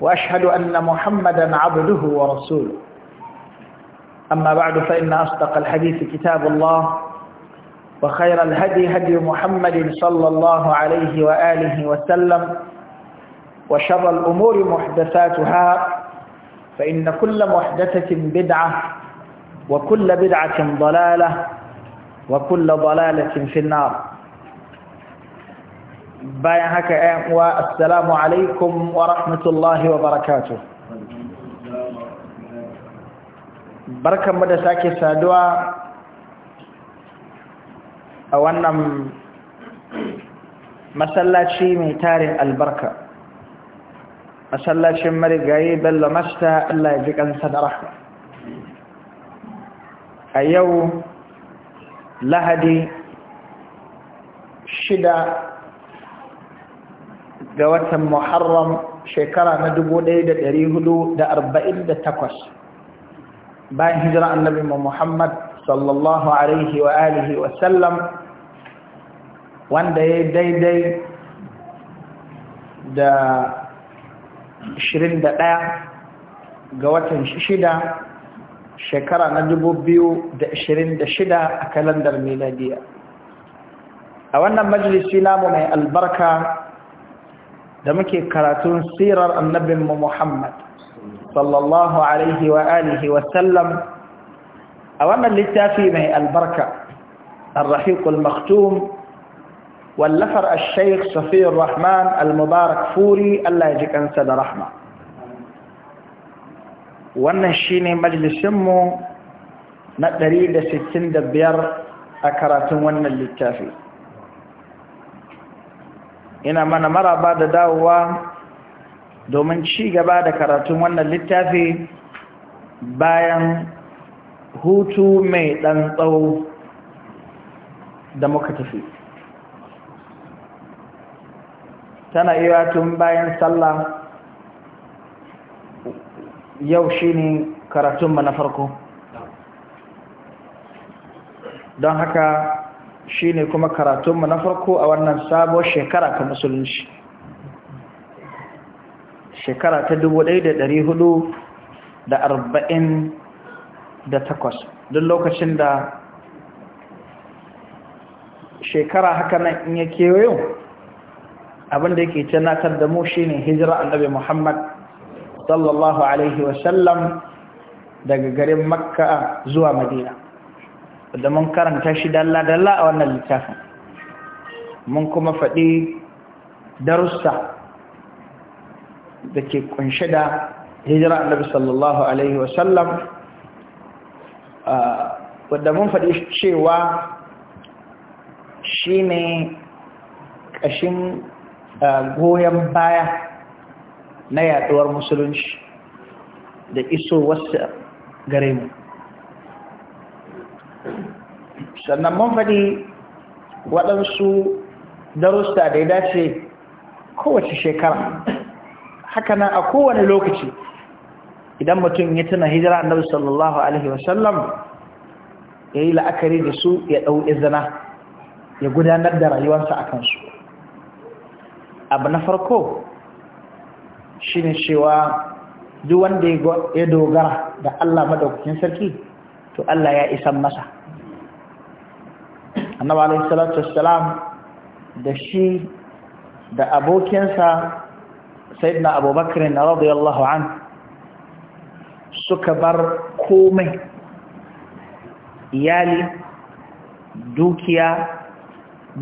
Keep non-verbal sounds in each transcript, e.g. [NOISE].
وأشهد أن محمدا عبده ورسوله أما بعد فإن أصدق الحديث كتاب الله وخير الهدي هدي محمد صلى الله عليه وآله وسلم وشر الأمور محدثاتها فإن كل محدثة بدعة وكل بدعة ضلالة وكل ضلالة في النار bayan haka ‘yan uwa assalamu alaikum wa rahmatullahi wa barakatu Barka da sake saduwa a wannan masallaci mai tarin albarka masallacin marigayi bello masta Allah ya ji kansa da rahma a yau lahadi shida ga watan Muharram shekara na 1448 bayan hijira annabi Muhammad sallallahu alaihi wa alihi wa sallam wanda ya daidai da 21 ga watan shida shekara na 2026 a kalandar miladiya a wannan majalisi namu mai albarka da muke karatun sirar annabin mu Muhammad sallallahu alaihi wa alihi wa sallam a wannan littafi mai albarka ar-rahiqul maktum wallafar ash-shaykh Safiyur Rahman al-Mubarak Furi Allah ya ji kansa da rahma wannan shine majalisin mu na 165 a karatun wannan littafi ina mana maraba da dawowa domin ci gaba da karatun wannan littafi bayan hutu mai ɗan tsawo da muka tafi tana iya tun bayan sallah yau shi karatun karatunmu na farko don haka shi ne kuma karatunmu na farko a wannan sabuwar shekara ta musulunci shekara ta 1448 duk lokacin da shekara haka nan in ya kewayo abinda yake canatar da mu shi ne hijira annabi muhammad sallallahu alaihi wasallam daga garin makka zuwa madina da mun karanta shi dalla-dalla a wannan littafin mun kuma faɗi darussa da ke kunshe da hijira annabi sallallahu alaihi wasallam wadda mun faɗi cewa shi ne ƙashin goyon baya na yaɗuwar musulunci da iso wasu gare mu sannan mun faɗi waɗansu darusta da ya dace kowace shekara hakanan a kowane lokaci idan mutum ya tuna hijira annabi sallallahu alaihi wasallam ya yi la'akari da su ya ɗau izina ya gudanar da rayuwarsa a kansu abu na farko shi ne cewa duk wanda ya dogara da Allah madaukakin sarki to Allah ya isan masa annabi alaihi salatu wassalam da shi da abokinsa sayyidina abubakar radiyallahu an suka bar komai iyali dukiya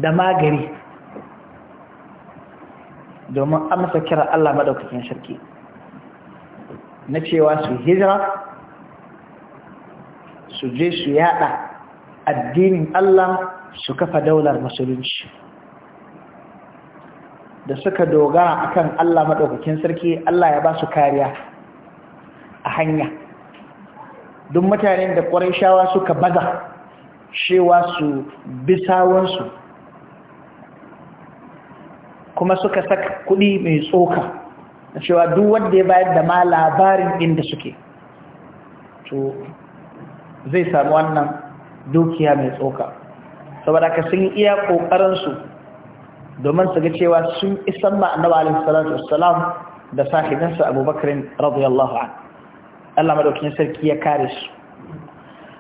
da magari domin amsa kira Allah madaukakin sarki na cewa su hijira su je su yada addinin Allah su kafa daular musulunci da suka dogara akan Allah maɗaukakin sarki Allah ya ba su kariya a hanya duk mutanen da shawa suka baza shewa su bisawansu kuma suka saka kuɗi mai tsoka da cewa duk wanda ya bayar da ma labarin inda suke to zai samu wannan dukiya mai tsoka saboda ka sun iya ƙoƙarinsu domin su ga cewa sun isan ma annabi alaihi salatu wassalam da sahibinsa abubakarin radiyallahu an Allah madaukakin sarki ya kare su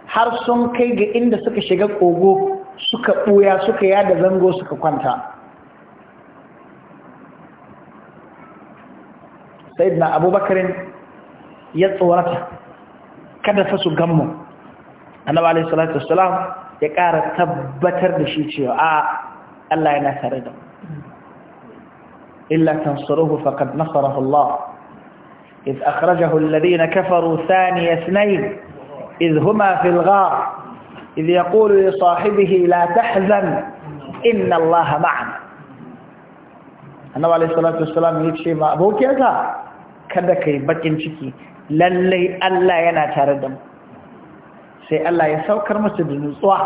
har sun kai ga inda suka shiga kogo suka ɓuya suka yada zango suka kwanta na Abubakarin ya tsorata kada fasu su gammu annabi alaihi salatu wassalam ya ƙara tabbatar da shi cewa a Allah yana tare da illa tansuruhu faqad nasarahu Allah إذ أخرجه الذين كفروا ثاني اثنين إذ هما في الغار إذ يقول لصاحبه لا تحزن إن الله معنا annabi alayhi salatu wassalam ya ce ma abokinsa kada kai bakin ciki lallai Allah yana tare da mu sai Allah ya saukar masu da nutsuwa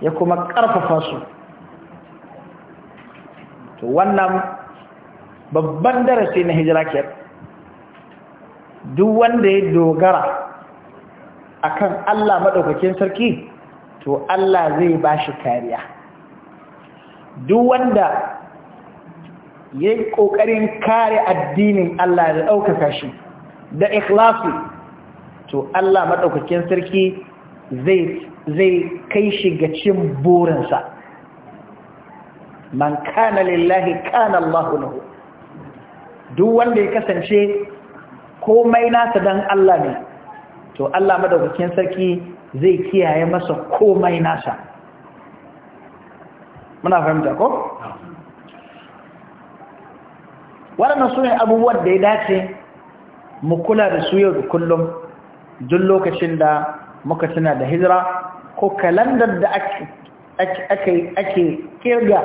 ya kuma ƙarfafa su to wannan babban darasi na hijira ke duk wanda ya dogara akan Allah maɗaukakin sarki to Allah zai ba shi kariya duk wanda ya yi ƙoƙarin kare addinin Allah da ɗaukaka shi da ikhlasi to Allah maɗaukakin sarki zai kai shi ga cin burinsa man kana lillahi kana Allahu lahu duk wanda ya kasance komai nasa dan Allah ne to Allah madaukakin sarki zai kiyaye masa komai nasa muna fahimta ko waɗannan su ne abubuwan da ya dace mu kula da su yau da kullum duk lokacin da muka tuna da hijira ko kalandar da ake kirga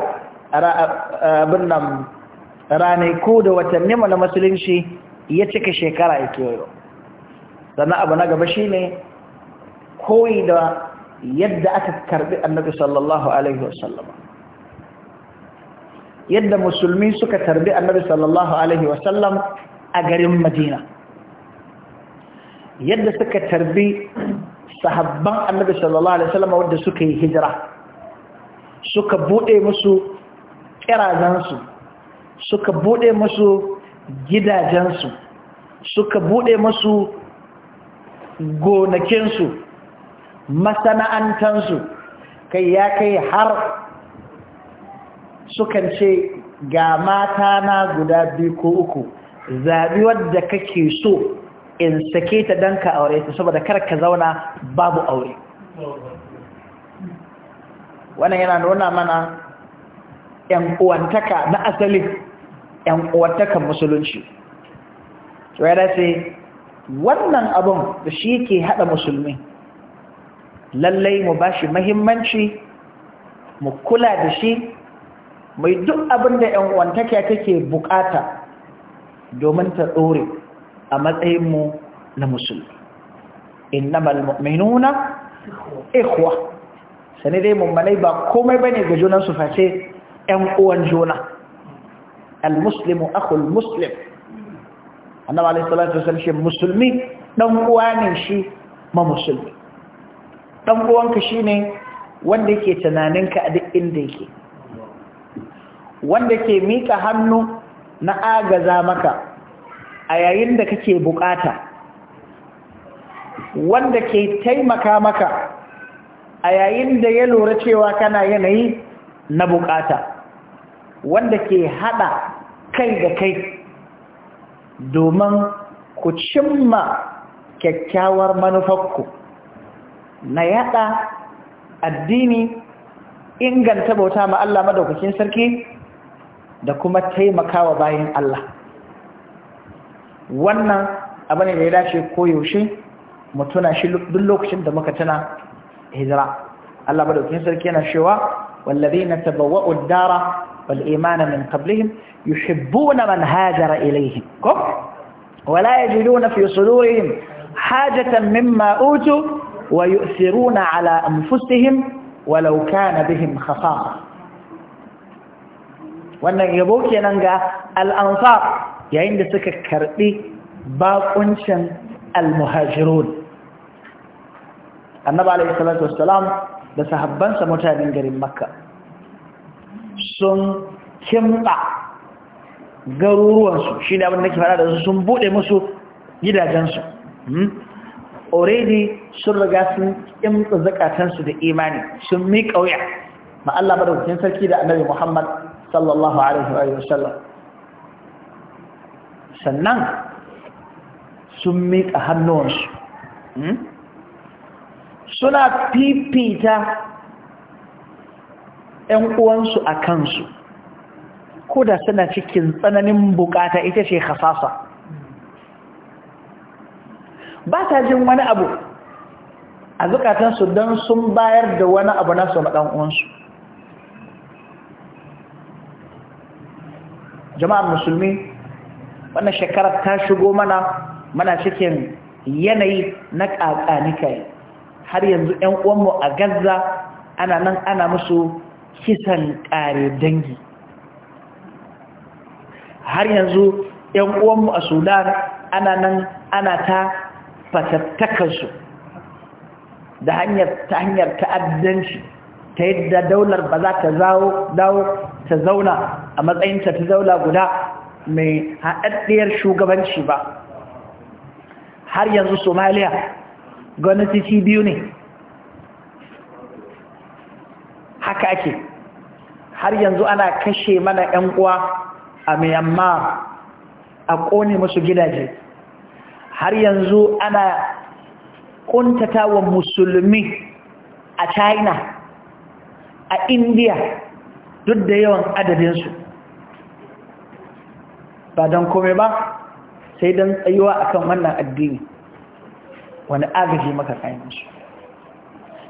abin nan ranai ko da watanni na musulunci ya cika shekara ya kewayo sannan abu na gaba shi ne koyi da yadda aka karbi annabi sallallahu alaihi wasallam yadda musulmi suka tarbi annabi sallallahu alaihi wasallam a garin madina yadda suka tarbi sahabban annabi sallallahu alaihi wasallam wanda suka yi hijira suka bude musu kirazansu suka bude musu gidajensu suka bude musu gonakinsu masana'antansu kai ya kai har sukan ce ga mata na guda biyu ko uku zabi wadda kake so in sake ta dan ka aure ta saboda kar ka zauna babu aure wannan yana nuna mana yan uwantaka na asali yan uwantaka musulunci to ya dace wannan abun da shi ke hada musulmi lallai mu ba shi muhimmanci mu kula da shi mai duk abin da ‘yan uwantaka take bukata domin ta ɗore a matsayinmu na musulmi innamal mu'minuna ikhwa sani dai mummanai ba komai bane ga junan su face ƴan uwan juna al-muslimu akhul muslim annabi sallallahu alaihi wasallam shi musulmi dan uwa ne shi ma musulmi dan uwanka shine wanda yake tunaninka a duk inda yake wanda ke mika hannu na agaza maka a yayin da kake bukata wanda ke taimaka maka a yayin da ya lura cewa kana yanayi na bukata wanda ke hada kai da kai domin ku cimma kyakkyawar manufarku na yada addini inganta bauta ma Allah madaukakin sarki da kuma taimakawa bayan Allah wannan abu da ya dace ko yaushe mu tuna shi duk lokacin da muka tuna hijira Allah madaukakin sarki yana cewa wal-imana min qablihim yuhibbuna man يحبون ilayhim ko wala yajiduna fi sudurihim صدورهم mimma utu wa yu'thiruna ala anfusihim walau kana bihim خصاصة wannan yabo kenan ga al-ansar yayin da suka karɓi bakuncin almuhajirun annabi alaihi salatu wassalam da sahabbansa mutanen garin makka sun kimba garuruwansu shi ne abin da ke fara da su sun buɗe musu gidajensu hmm? already sun riga sun kimta zakatansu da imani sun miƙa wuya ma Allah madaukakin sarki da annabi Muhammad sallallahu alaihi wa sallam sannan sun miƙa hannuwansu hmm? suna fifita ‘yan uwansu a kansu ko da suna cikin tsananin bukata ita ce hasasa ba ta jin wani abu a zukatansu don sun bayar da wani abu nasu na uwansu jama'ar musulmi wannan shekarar ta shigo mana mana cikin yanayi na ƙaƙanikai har yanzu 'yan uwanmu a gaza ana nan ana musu kisan ƙare dangi har yanzu 'yan uwanmu a sudan ana nan ana ta fatattakansu da hanyar ta hanyar ta'addanci ta yadda daular ba za ta ta zauna a matsayinta ta zaula guda mai haɗaɗɗiyar shugabanci ba har yanzu somaliya gwamnati biyu ne haka ake har yanzu ana kashe mana 'yan uwa a myanmar a ƙone musu gidaje har yanzu ana ƙuntatawa wa musulmi a china a india duk da yawan adadinsu ba don kome ba sai don tsayuwa akan wannan addini wani agaji maka kayansu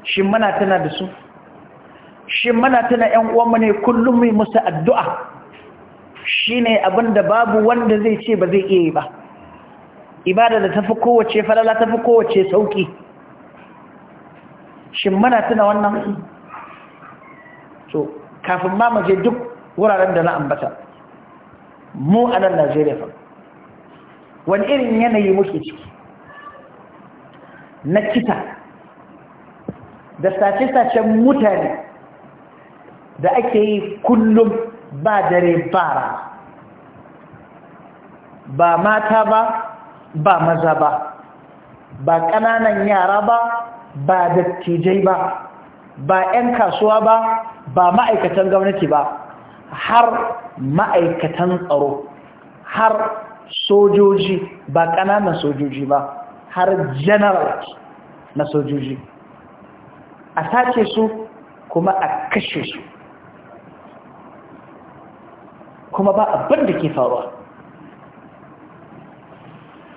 shin mana tana da su shin mana tana ‘yan uwanmu ne kullum mai musu addu'a shi ne abin da babu wanda zai ce ba zai iya yi ba ibada da tafi kowace falala tafi kowace sauki shin mana tana wannan su? kafin ma maje duk wuraren da na ambata mu a nan najeriya fa wani irin yanayi muke ciki na kita da sace-sacen mutane da ake yi kullum ba dare bara ba mata ba ba maza ba ba ƙananan yara ba ba dattijai ba ba 'yan kasuwa ba ba ma'aikatan gwamnati ba har ma'aikatan tsaro har sojoji ba ƙananan sojoji ba har general na sojoji a sace su kuma a kashe su kuma ba abin da ke faruwa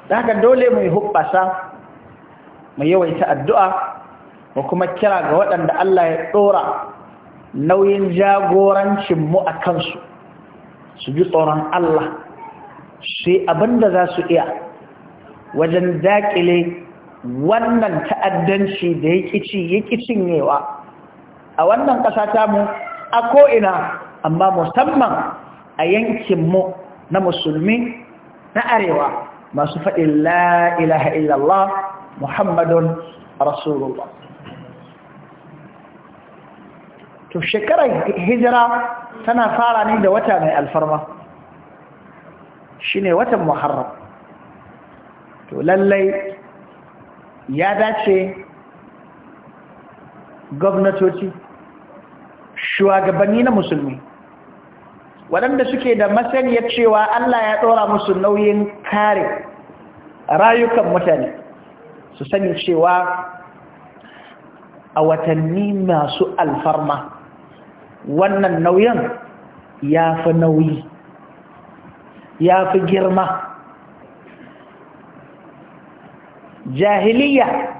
da haka dole mu yi hubbasa mu yawaita addu'a mu kuma kira ga waɗanda Allah ya ɗora nauyin jagorancin mu a kansu su ji tsoron Allah su yi abinda za su iya wajen daƙile wannan ta'addanci da ya kici ya kicin a wannan ƙasa ta mu a ko'ina amma musamman a yankinmu na musulmi na arewa masu faɗin la ilaha illallah muhammadun rasulullah to shekarar hijira tana fara ne da wata mai alfarma shine watan muharram to lallai ya dace gwamnatoci shugabanni na musulmi waɗanda suke da masaniyar cewa Allah ya ɗora musu nauyin kare rayukan mutane su sani cewa a watanni masu alfarma wannan nauyin ya fi nauyi ya fi girma jahiliya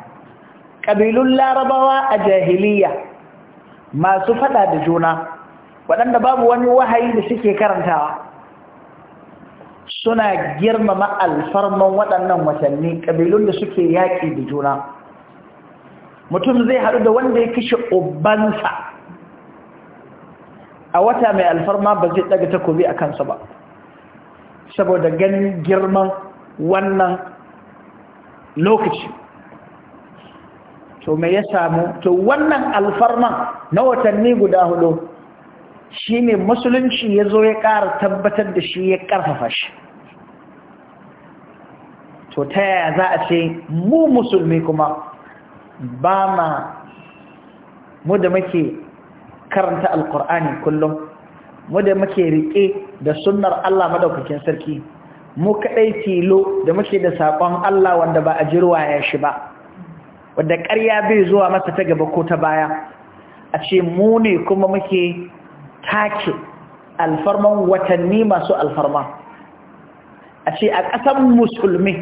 ƙabilun larabawa a jahiliya masu fada da juna waɗanda babu wani wahayi da suke karantawa suna girmama alfarman waɗannan watanni ƙabilun da suke yaƙi da juna mutum zai haɗu da wanda ya kashe ubansa a wata mai alfarma ba zai daga takobi a kansa ba saboda ganin girman wannan lokaci to me ya samu to wannan alfarma na watanni guda hudu shi ne musulunci ya zo ya ƙara tabbatar da shi ya ƙarfafa shi to ta yaya za a ce mu musulmi kuma ba ma mu da muke karanta alkur'ani kullum mu da muke riƙe da sunnar Allah madaukakin sarki mu kaɗai tilo da muke da sakon Allah wanda ba a jirwa ya shi ba wanda ƙarya bai zuwa masa ta gaba ko ta baya a ce mu ne kuma muke take alfarman watanni masu alfarma a ce a ƙasan musulmi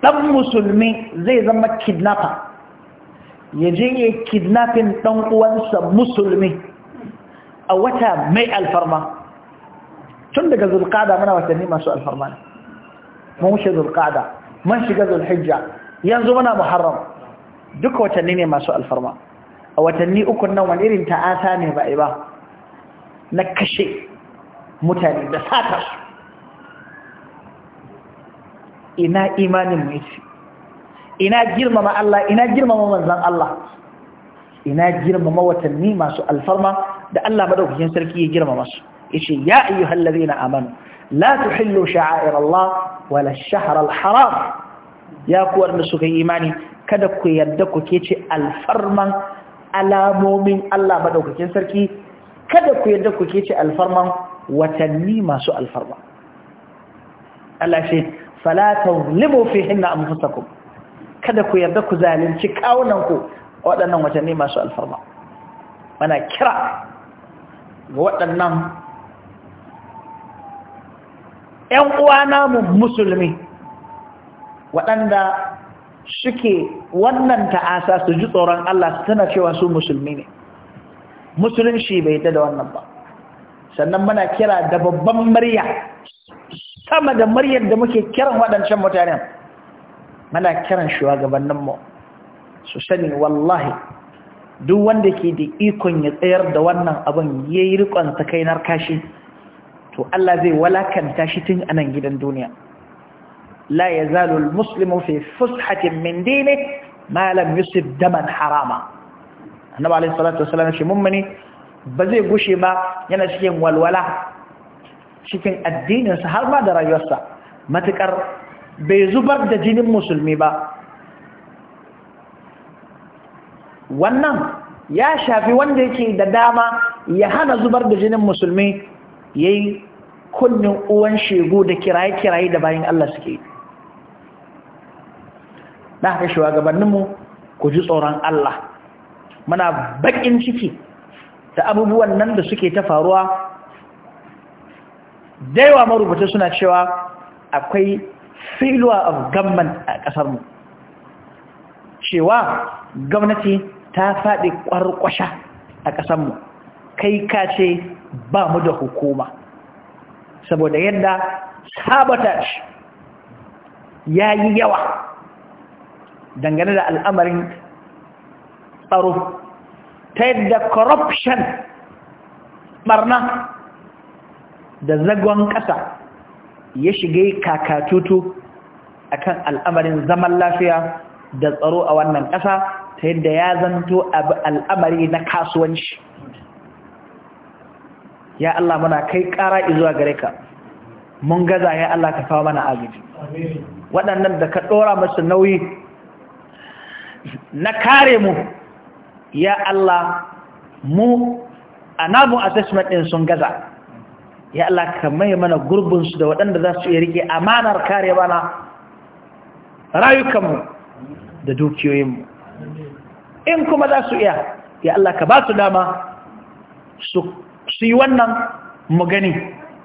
ɗan musulmi zai zama kidnapper ya je ya kidnafin ɗan uwansa musulmi a wata mai alfarma tun daga zulƙada muna watanni masu alfarma ne mun wuce zulƙada mun shiga zulhijja yanzu muna muharram duka watanni ne masu alfarma a watanni ukun nan wani irin ta'asa ne ba a ba na kashe mutane da sata su ina imanin mai ina girmama Allah ina girmama manzan Allah ina girmama watanni masu alfarma da Allah madaukakin sarki ya girmama su yace ya ayyuhal ladina amanu la tuhillu sha'air Allah wala ash-shahr al-haram ya ku wanda suka yi imani kada ku yarda ku kece alfarman alamomin Allah madaukakin sarki kada ku yarda ku kece alfarman watanni masu alfarma Allah ce fala tawlibu fihinna anfusakum kada ku yarda ku zalunci kawunanku waɗannan watanni masu alfarma mana kira ga waɗannan ‘yan uwa namu musulmi waɗanda suke wannan ta'asa su ji tsoron Allah su tana cewa su musulmi ne Musulun shi bai da wannan ba sannan muna kira da babban murya sama da muryar da muke kiran waɗancan mutane. mana kiran shugabanninmu su sani wallahi duk wanda ke da ikon ya tsayar da wannan abin ya yi rikon kainar kashi to Allah zai walakanta shi tun anan gidan duniya la ya zalul muslimu fi fushatin min dini malam yusuf daman harama annaba alaihi salatu wasallam shi mummuni ba zai gushe ba yana cikin walwala cikin addininsa har ma da rayuwarsa matukar bai zubar da jinin musulmi ba wannan ya shafi wanda yake da dama ya hana zubar da jinin musulmi ya yi kunnin uwan shegu da kiraye-kiraye da bayan Allah suke na haka gabaninmu ku ji tsoron Allah muna bakin ciki da abubuwan nan da suke ta faruwa daiwa marubuta suna cewa akwai failure of government a mu cewa gwamnati ta faɗi ƙwarƙwasha a mu kai ka ce ba mu da hukuma saboda yadda sabotage ya yi yawa dangane da al'amarin tsaro ta yadda corruption barna da zagon ƙasa ya shiga kakatutu akan al'amarin zaman lafiya da tsaro a wannan ƙasa ta yadda ya zanto al'amari na kasuwanci ya Allah muna kai ƙara izuwa gare ka mun gaza ya Allah ka fa mana agaji waɗannan da ka ɗora masu nauyi na kare mu ya Allah mu a namun assessment ɗin sun gaza ya Allah ka mai mana su da waɗanda za su iya rike amanar kare mana rayukanmu da dukiyoyinmu in kuma za su iya ya Allah ka ba su dama su yi wannan mu gani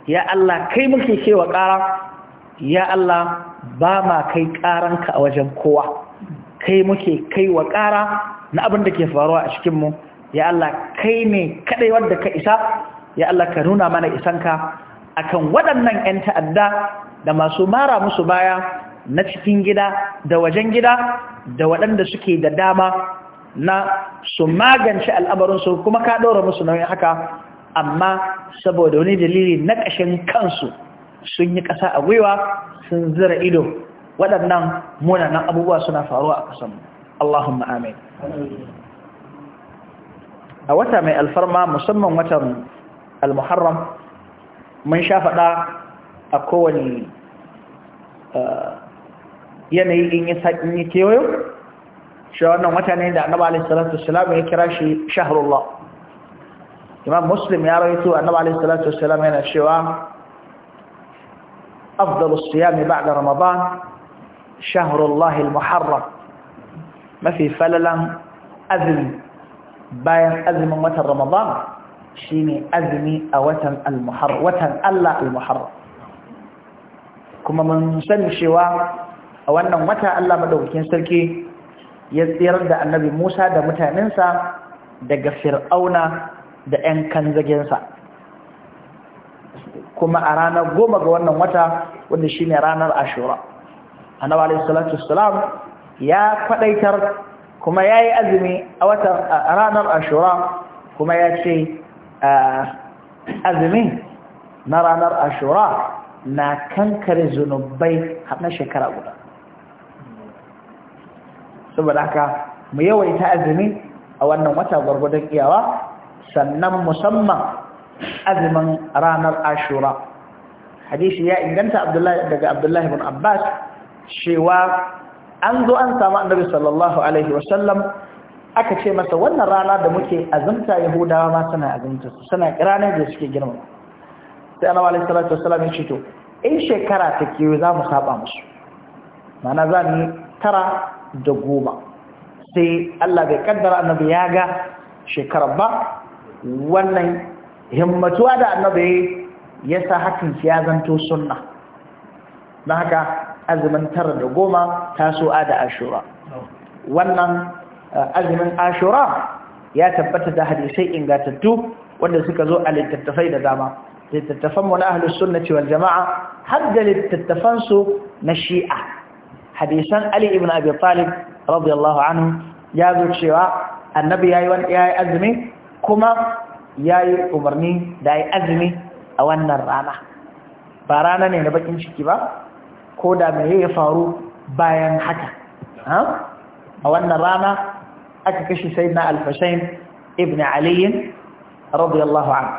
ya Allah kai muke cewa ƙara ya Allah ba ma kai ƙaranka a wajen kowa kai muke kai wa ƙara na abin da ke faruwa a cikinmu ya Allah kai ne kaɗai wadda ka isa ya Allah ka nuna mana isanka akan waɗannan 'yan ta'adda da masu mara musu baya na cikin gida da wajen gida da waɗanda suke da dama na su magance al'amarinsu kuma ka ɗora musu nauyin haka amma saboda wani dalili na ƙashin kansu sun yi ƙasa a gwiwa sun zira ido waɗannan munanan abubuwa suna faruwa a ƙasanmu Allahumma amin a wata mai alfarma musamman watan المحرم من شاف دا اكوني يني ان يسكن يكيو شو انا متاني دا النبي عليه الصلاه والسلام يكراشي شهر الله تمام مسلم يا رويت النبي عليه الصلاه والسلام هنا شو افضل الصيام بعد رمضان شهر الله المحرم ما في فللا اذن باين اذن متى رمضان shine azumi a watan al watan Allah al kuma mun san cewa a wannan wata Allah madaukakin sarki ya tsayar da annabi Musa da mutanensa daga fir'auna da ƴan kanzagensa kuma a ranar goma ga wannan wata wanda shine ranar ashura annabi alayhi salatu wassalam ya kwadaitar kuma yayi azumi a watan ranar ashura kuma ya ce azumi na ranar ashura na kankare zunubai na shekara guda saboda haka mu yawaita azumi a wannan wata gwargwadon iyawa sannan musamman azumin ranar ashura hadisi ya inganta daga abdullahi bin abbas cewa an zo an samu annabi sallallahu alaihi wasallam aka ce masa wannan rana da muke azumta yahudawa ma suna azumta suna ranar da suke girma sai annabi alaihi salatu wasallam ya ce to in shekara ta kiyo za mu saba musu mana za ni tara da goma sai Allah bai kaddara annabi ya ga shekarar ba wannan himmatuwa da annabi ya sa hakan ya zanto sunna don haka azumin tara da goma taso da ashura wannan azumin ashura ya tabbata da hadisai ingantattu wanda suka zo a littattafai da dama littattafan mu na ahlus sunnati wal jama'a har da littattafan su na shi'a hadisan ali ibn abi talib radiyallahu anhu ya zo cewa annabi yayi wani yayi azumi kuma yayi umarni da yayi azumi a wannan rana ba rana ne na bakin ciki ba ko da me ya faru bayan haka a wannan rana aka kashe sayyidina al-Husayn ibn Ali radiyallahu anhu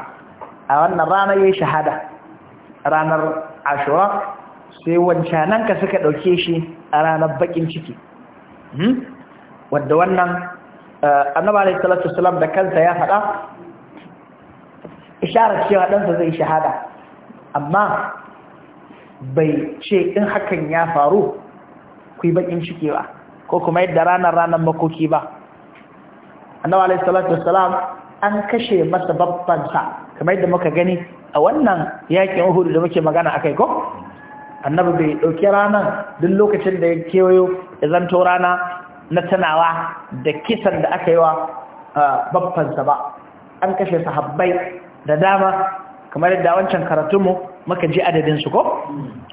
a wannan rana yayin shahada ranar Ashura sai wancanan ka suka dauke shi a ranar bakin ciki hmm? wanda wannan eh, annabi alayhi salatu wasalam da kansa ya faɗa isharar cewa ɗansa zai shahada amma bai ce in hakan ya faru ku yi bakin ciki ba ko kuma yadda ranar ranar makoki ba annabi alaihi salatu wassalam an kashe masa babban sa kamar yadda muka gani a wannan yakin Uhud da muke magana akai ko annabi bai dauki rana duk lokacin da ya kewayo ya zanto rana na tanawa da kisan da aka yi wa babban sa ba an kashe sahabbai da dama kamar yadda wancan karatunmu muka ji adadin su ko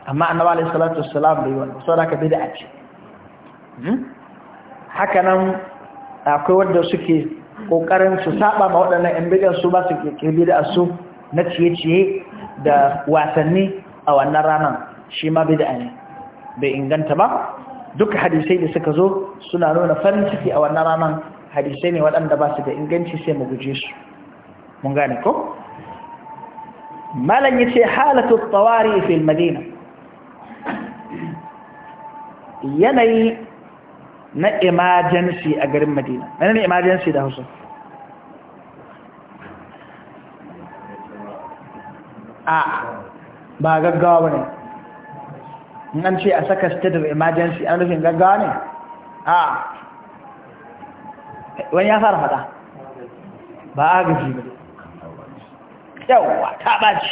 amma annabi alaihi salatu wassalam bai wannan saboda ka bid'a ce hmm? haka nan akwai wanda suke kokarin su saba ma waɗannan yan bidan su ba su kirbi da su na ciye-ciye da wasanni a wannan ranar shi ma bida ne bai inganta ba duk hadisai da suka zo suna nuna farin ciki a wannan ranar hadisai ne waɗanda ba su da inganci sai mu guje su mun gane ko malam yace halatu tawari fil madina yanayi na emergency a garin madina na ne emergency da hausa a ba gaggawa ne nan an ce a saka state of emergency an rufin gaggawa ne a wani ya fara fada ba a gaji ba yawwa ta ɓaci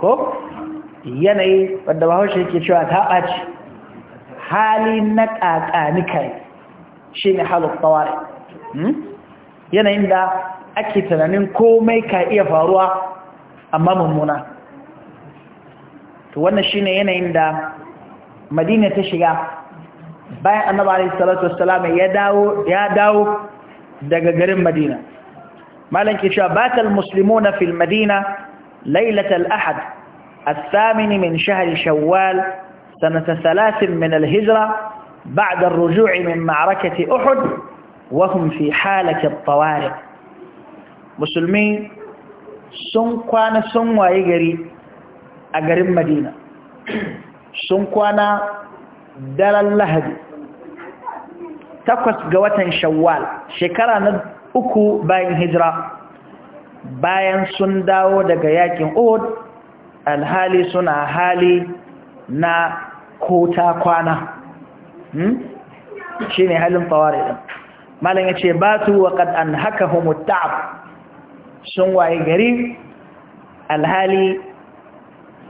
ko yanayi wadda bahaushe yake cewa ta ɓaci hali na ƙaƙa ni kai shine ne halin tsawari yanayin da ake tunanin komai ka iya faruwa amma mummuna to wannan shine ne yanayin da madina ta shiga bayan annaba alaihi salatu wassalam ya dawo ya dawo daga garin madina malan ke cewa batal muslimuna fil madina lailatal ahad الثامن من شهر شوال سنة ثلاث من الهجرة بعد الرجوع من معركة أحد وهم في حالة الطوارئ مسلمين sun kwana sun waye gari a garin madina sun kwana daren lahadi takwas ga watan shawwal shekara na uku bayan hijira bayan sun dawo daga yakin od alhali suna hali na kota kwana Hmm? shi ne halin tsawari ɗin malin ya ce ba su waƙad an haka homota'ab sun waye gari alhali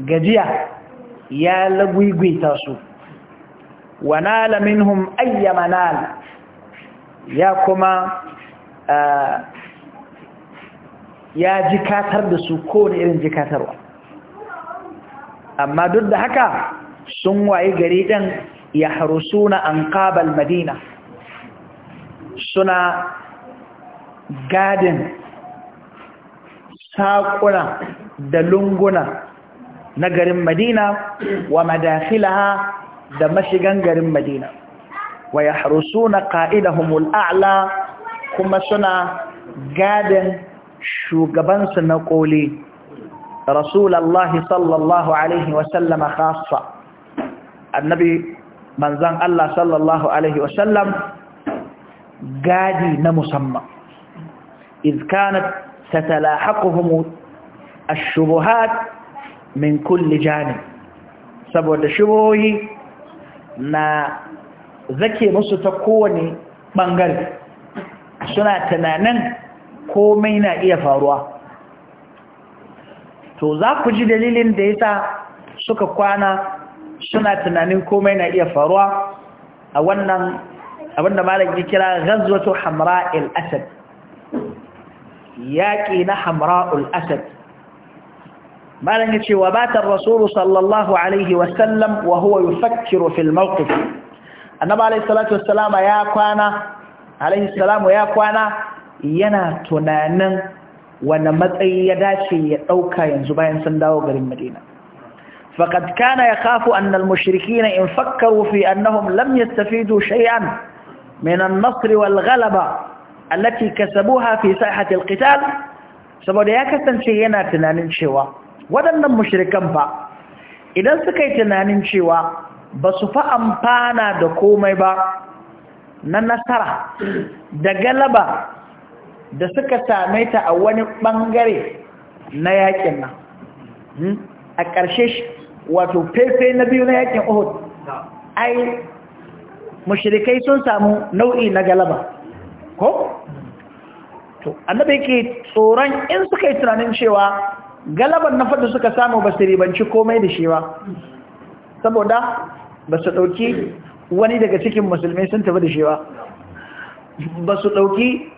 gajiya ya lagwigwita su wanala minhum ayyama ya kuma ya jikatar da su kowane irin jikatarwa amma duk da haka sun waye gari ɗin yahrusuna anqabal madina suna gadin saƙuna da lunguna na garin madina wa madafilaha da mashigan garin madina wa yahrusuna harusu a'la kuma suna gadin shugabansu na ƙoli rasulallahi sallallahu alaihi wasallama khasa annabi manzan Allah sallallahu alaihi wasallam gadi na musamman iz kanat tatalahaquhum ash-shubuhat min kulli janib saboda shubuhi na zake musu ta kowane bangare suna tunanin komai na iya faruwa to za ku ji dalilin da yasa suka kwana suna tunanin komai na iya faruwa a wannan abinda malam ya kira ghazwatu hamra'il asad yaƙi na hamra'ul asad malam ya ce wa batar rasulu sallallahu alaihi wasallam wa huwa yufakkiru fil mawqif annabi alaihi salatu wassalama ya kwana alaihi salamu ya kwana yana tunanin wani matsayi ya dace ya ɗauka yanzu bayan sun dawo garin madina فقد كان يخاف أن المشركين إن فكروا في أنهم لم يستفيدوا شيئا من النصر والغلبة التي كسبوها في ساحة القتال سبب يا كثن تنانين شوا ودن المشركين با إذا سكي تنانين شوا بصفاء مبانا دكومي با ننسرة دغلبة دسكة ساميتا أولي بانجري نياكينا أكرشيش wato fefe na biyu na yakin Uhud ai mushrikai sun samu nau'i na galaba ko to annabi yake tsoron in suka yi tunanin cewa galaban na faɗi suka samu ba su ribanci komai da shi ba saboda ba su dauki wani daga cikin musulmi sun tafi da shi ba ba su dauki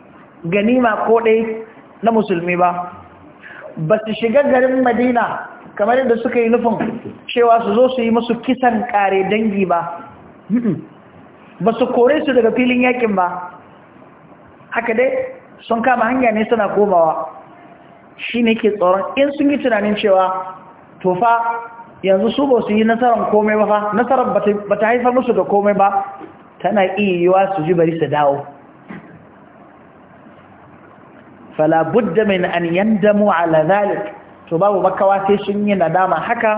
ganima ko dai na musulmi ba ba su shiga garin madina kamar yadda suka yi nufin cewa su zo su yi musu kisan kare dangi ba ba su kore su daga filin yakin ba haka dai sun kama hanya ne suna komawa shi ne ke tsoron in sun yi tunanin cewa tofa yanzu su ba su yi nasarar komai ba fa nasarar ba ta haifar musu da komai ba tana iya yiwa su ji bari su dawo fala budda min an yandamu a zalik to babu bakawa sai shin yi nadama haka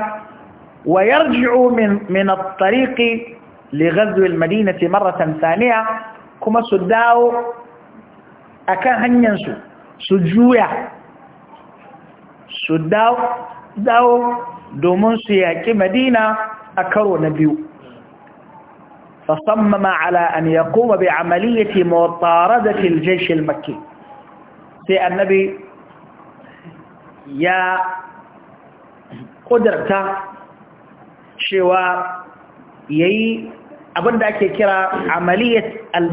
wa yarji'u min min at-tariqi li ghazwi al-madinati marratan thaniya kuma su dawo akan hanyar su su juya su dawo dawo domin su yaki madina a karo na biyu فصمم على أن يقوم بعملية مطاردة الجيش المكي سي النبي ya ƙudarta cewa ya yi abinda ake kira amaliyat al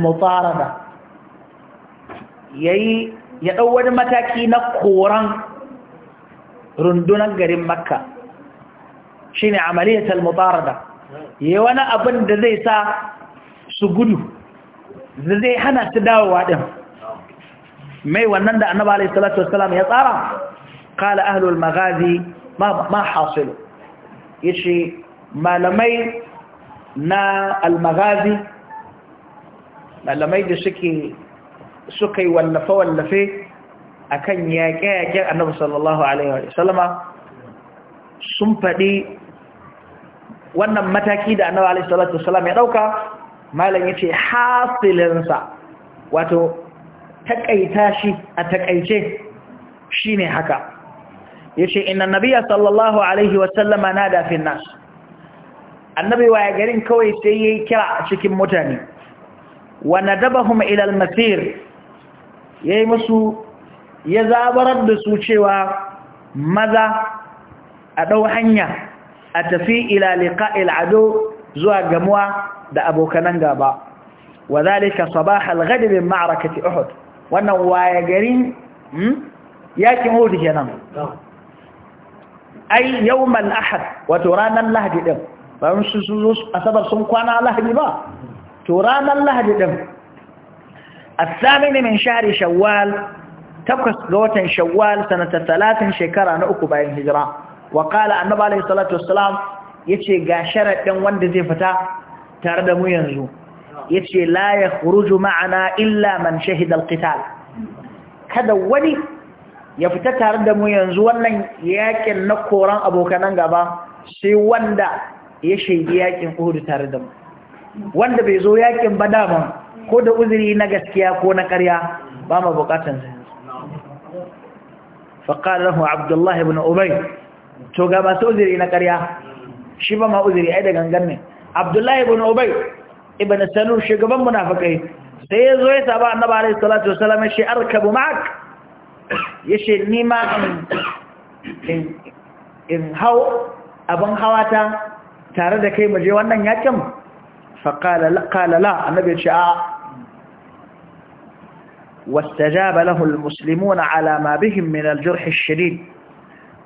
ya yi ya ɗau wani mataki na koran rundunar garin makka shi ne amaliyat al-mutaraba ya yi wani abin zai sa su gudu da zai hana su dawowa ɗin mai wannan da annaba salatu wasu ya tsara قال أهل المغازي ما, ما حاصله يشي malamai na almagazi malamai da suke suka yi wallafe-wallafe a kan yaƙe-yaƙen annabi sallallahu alaihi sun faɗi wannan mataki da annabi alaihi salatu wasallam ya ɗauka malam ya ce hasilinsa wato taƙaita shi a taƙaice shi ne haka yace inna nabiyya sallallahu alaihi wa sallama nada fi nas annabi waya garin kawai sai yayi kira a cikin mutane wa nadabahum ila al-masir yayi musu ya zabar da su cewa maza a dau hanya a tafi ila liqa'il adu zuwa gamuwa da abokanan gaba wa zalika sabah al-ghad min ma'rakati uhud wannan waya garin hmm, yakin uhud kenan ai yawmal ahad wato ranar lahadi din ba su asabar sun kwana lahadi ba to ranar lahadi din asamin min shahri shawwal takwas ga watan shawwal sanata 30 shekara na uku bayan hijira wa qala annabi alayhi salatu wassalam yace ga sharadin wanda zai fita tare da mu yanzu yace la yakhruju ma'ana illa man shahida alqital kada wani ya fita tare da mu yanzu wannan yakin na koran abokanan gaba sai wanda ya shaidi yakin Uhud tare da mu wanda bai zo yakin ba daman ko da uzuri na gaskiya ko na ƙarya ba mu bukatan sa fa qala lahu Abdullah ibn Ubay to ga ba su uzuri na ƙarya shi ba ma uzuri ai da gangan ne Abdullah ibn Ubay ibn Salul shugaban munafikai sai ya zo ya saba annabi alaihi salatu wasallam shi arkabu ma'ak ya ce nima in hau abin hawata tare da kai maje wannan yakin faƙalala annabi ce a واستجاب له المسلمون wani ما بهم من الجرح shirin.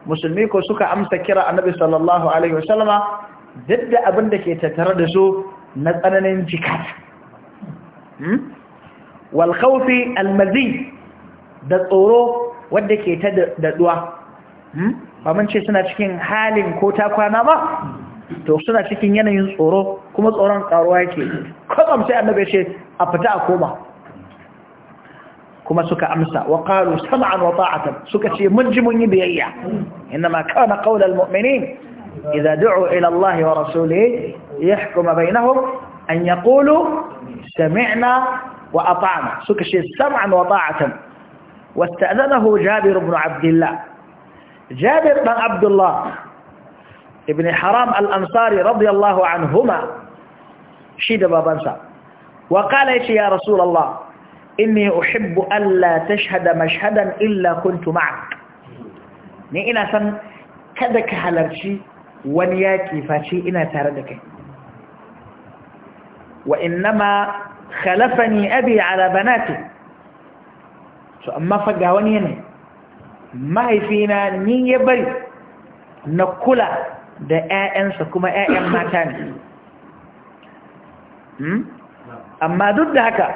musulmi ko suka amsa kira annabi sallallahu alaihi wasallama duk da abin da ke tattare da su na tsananin jikata hmm? wal khawfi al mazi da tsoro wadda ke ta daɗuwa hmm? ba mun ce suna cikin halin ko ta kwana ba to suna cikin yanayin tsoro kuma tsoron ƙaruwa yake kwatsam sai annabi ce a fita a koma kuma suka amsa wa qalu sam'an wa ta'atan suka ce mun ji mun yi biyayya ma kawana qaulal mu'minin idan du'u ila Allah wa rasulihi bai nahu an kulu sami'na wa ata'na suka ce sam'an wa ta'atan واستأذنه جابر بن عبد الله جابر بن عبد الله ابن حرام الأنصاري رضي الله عنهما شيد بابنسا وقال يا رسول الله إني أحب ألا تشهد مشهدا إلا كنت معك ni ina san kada ka halarci wani تردك وإنما خلفني أبي على kai to amma fa ga wani yanayi mahaifina ni ya bari na kula da 'ya'yansa kuma 'ya'yan mata ne hmm? amma duk da haka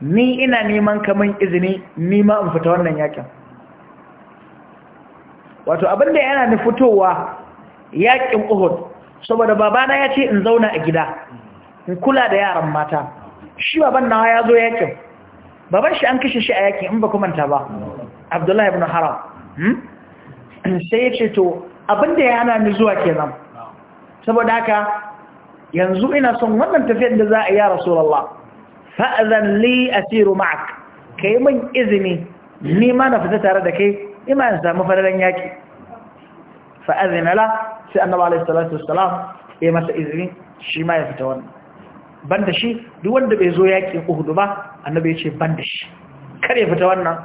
ni ina neman kamar izini nima in fita wannan yakin wato abinda yana ni fitowa yakin uhud saboda babana ya ce in zauna a gida in kula da yaran mata shi baban nawa ya zo yakin baban shi an kashe shi a yaki in ba ku manta ba abdullahi ibn haram sai ya ce to abinda ya hana ni zuwa kenan saboda haka yanzu ina son wannan tafiyar da za a yi ya rasulullah fa'azan li asiru ma'ak kai min izini ni ma na fita tare da kai ima in samu fararen yaki fa'azina la sai annabi alaihi salatu wassalam ya masa izini shi ma ya fita wannan banda shi duk wanda bai zo yakin Uhud ba annabi ya ce banda shi kare fita wannan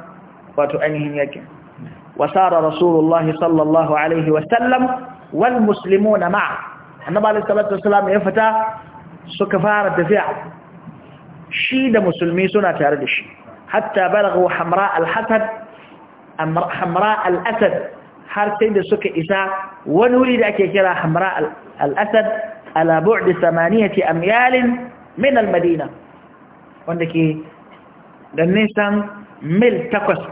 wato ainihin yakin wasara rasulullah sallallahu alaihi wa sallam wal muslimuna ma'a annabi alaihi salatu wasallam ya fita suka fara tafiya shi da musulmi suna tare da shi hatta balagu hamra al-hasad hamra al-asad har sai da suka isa wani wuri da ake kira hamra al-asad على بعد ثمانية أميال من المدينة وانك دنسا مل تقص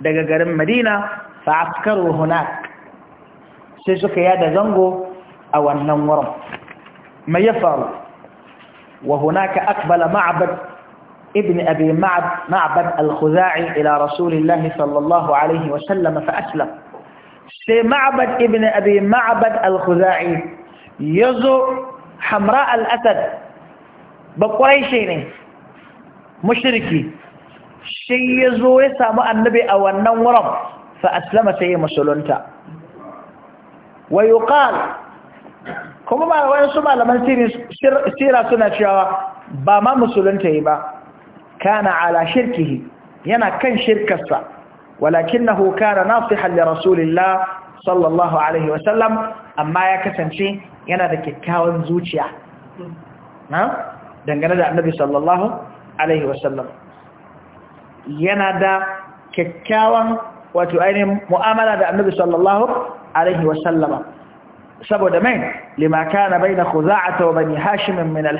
دقاقر المدينة فعسكروا هناك سيسوك ياد زنغو أو النمر ما يفعل وهناك أقبل معبد ابن أبي معبد, معبد الخزاعي إلى رسول الله صلى الله عليه وسلم فأسلم سي معبد ابن أبي معبد الخزاعي ya zo hamra al'asad ba ƙwarai ne mashirki shi ya zo ya samu annabi a wannan wurin fa aslama sai ya musulunta wa yuqal kuma ba wani su malaman sira suna cewa ba ma musulunta yi ba kana ala shirkihi yana kan shirkarsa walakin na walakinahu na nasihan li rasulillah sallallahu alaihi wasallam amma ya kasance yana da kyakkyawan zuciya na dangane da annabi sallallahu alaihi wasallam yana da kyakkyawan wato ainihin mu'amala da annabi sallallahu alaihi wasallama saboda mai lima kana baina khuza'ata ta bani hashimin min al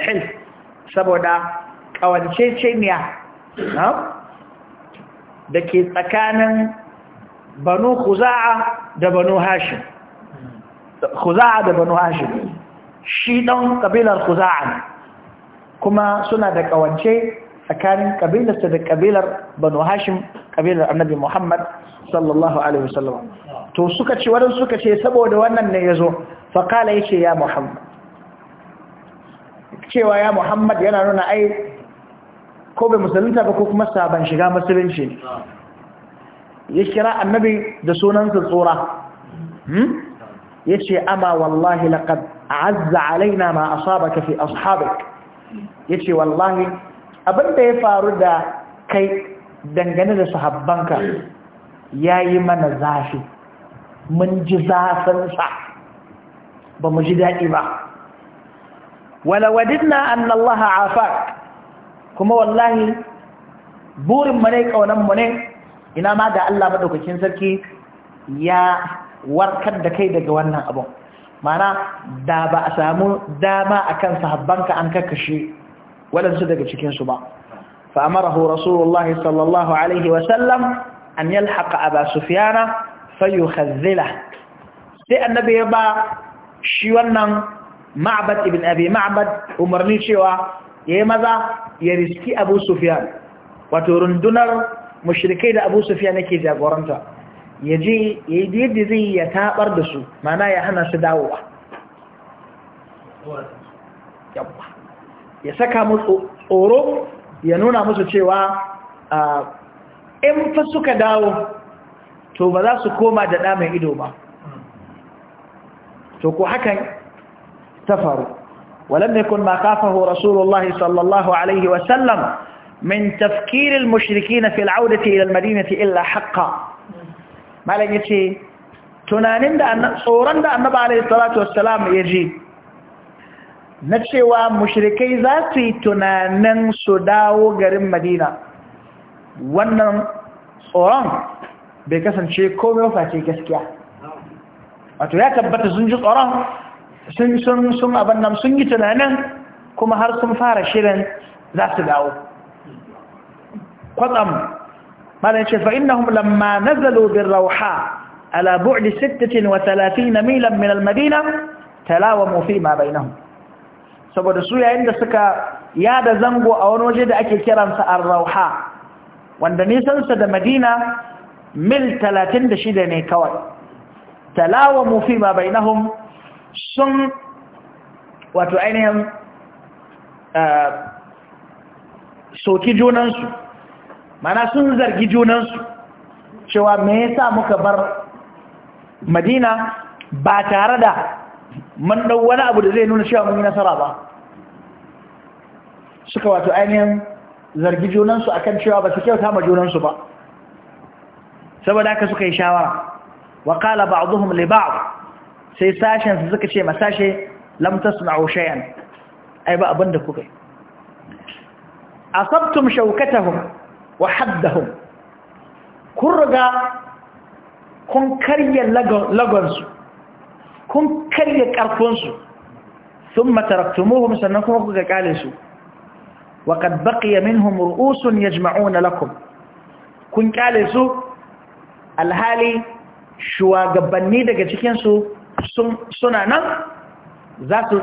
saboda kawanceceniya da ke tsakanin banu khuza'a da banu hashim khuza'a da banu hashim shi dan kabilar khuza'a kuma suna da kawance tsakanin kabilarsa da kabilar banu hashim kabilar annabi muhammad sallallahu alaihi wasallam to suka ce wadan suka ce saboda wannan ne yazo fa kala yace ya muhammad cewa ya muhammad yana nuna ai ko bai musulunta ba ko kuma saban shiga musulunci ya kira annabi da sunansa tsora hmm? yace ama wallahi laqad azza alaina ma asabaka fi ashabik yace wallahi abinda ya faru da kai dangane da sahabbanka yayi mana zafi mun ji zafin sa ba mu ji dadi ba wala wadidna anna allaha afak kuma wallahi burin mu ne kaunan mu ne ina ma da Allah madaukakin sarki ya warkar da kai daga wannan abun mana da ba a samu dama akan sahabbanka an kakashe waɗansu daga cikinsu ba fa amarahu rasulullah sallallahu alaihi wa sallam an yalhaqa aba sufyana fayukhazzilah sai annabi ya ba shi wannan ma'bad ibn abi ma'bad umarni cewa yayi maza ya riski abu sufyan wato rundunar mushrikai da abu sufyan yake jagoranta ya je ya yi yadda zai ya tabar da su mana ya hana su dawowa ya saka musu tsoro ya nuna musu cewa in fa suka dawo to ba za su koma da ɗamin ido ba to ko hakan ta faru ولم يكن ما خافه رسول الله صلى الله عليه وسلم من تفكير المشركين في العودة إلى المدينة إلا حقا malam ya ce tunanin da tsoron da annaba alaihi salatu wassalam ya ji na cewa mushrikai za su yi tunanin su dawo garin madina wannan tsoron bai kasance komai face gaskiya wato ya tabbata sun ji tsoron sun sun sun abin nan sun yi tunanin kuma har sun fara shirin za su dawo kwatsam malam ce fa innahum lamma nazalu bir rauha ala bu'di 36 milan min al-madina talawamu fi ma bainahum saboda su yayin da suka yada zango a wani waje da ake kiransa ar-rauha wanda nisansa da madina mil 36 ne kawai talawamu fi ma bainahum sun wato ainihin soki junansu mana sun zargi junansu cewa me yasa muka bar madina ba tare da man dau wani abu da zai nuna cewa mun yi nasara ba suka wato ainihin zargi junansu akan cewa ba su kyauta ma junansu ba saboda haka suka yi shawara wa qala ba'dhum li ba'd sai sashen su suka ce ma sashe lam tasma'u shay'an ai ba abinda kuka yi asabtum shawkatahum wa haddahum kun riga kun karya lagonsu kun karya ƙarfinsu sun mataraktumuhum sannan kuma kuka kale su wa kad baqiya minhum ru'usun yajma'una lakum kun kale su alhali shugabanni daga cikinsu suna nan za su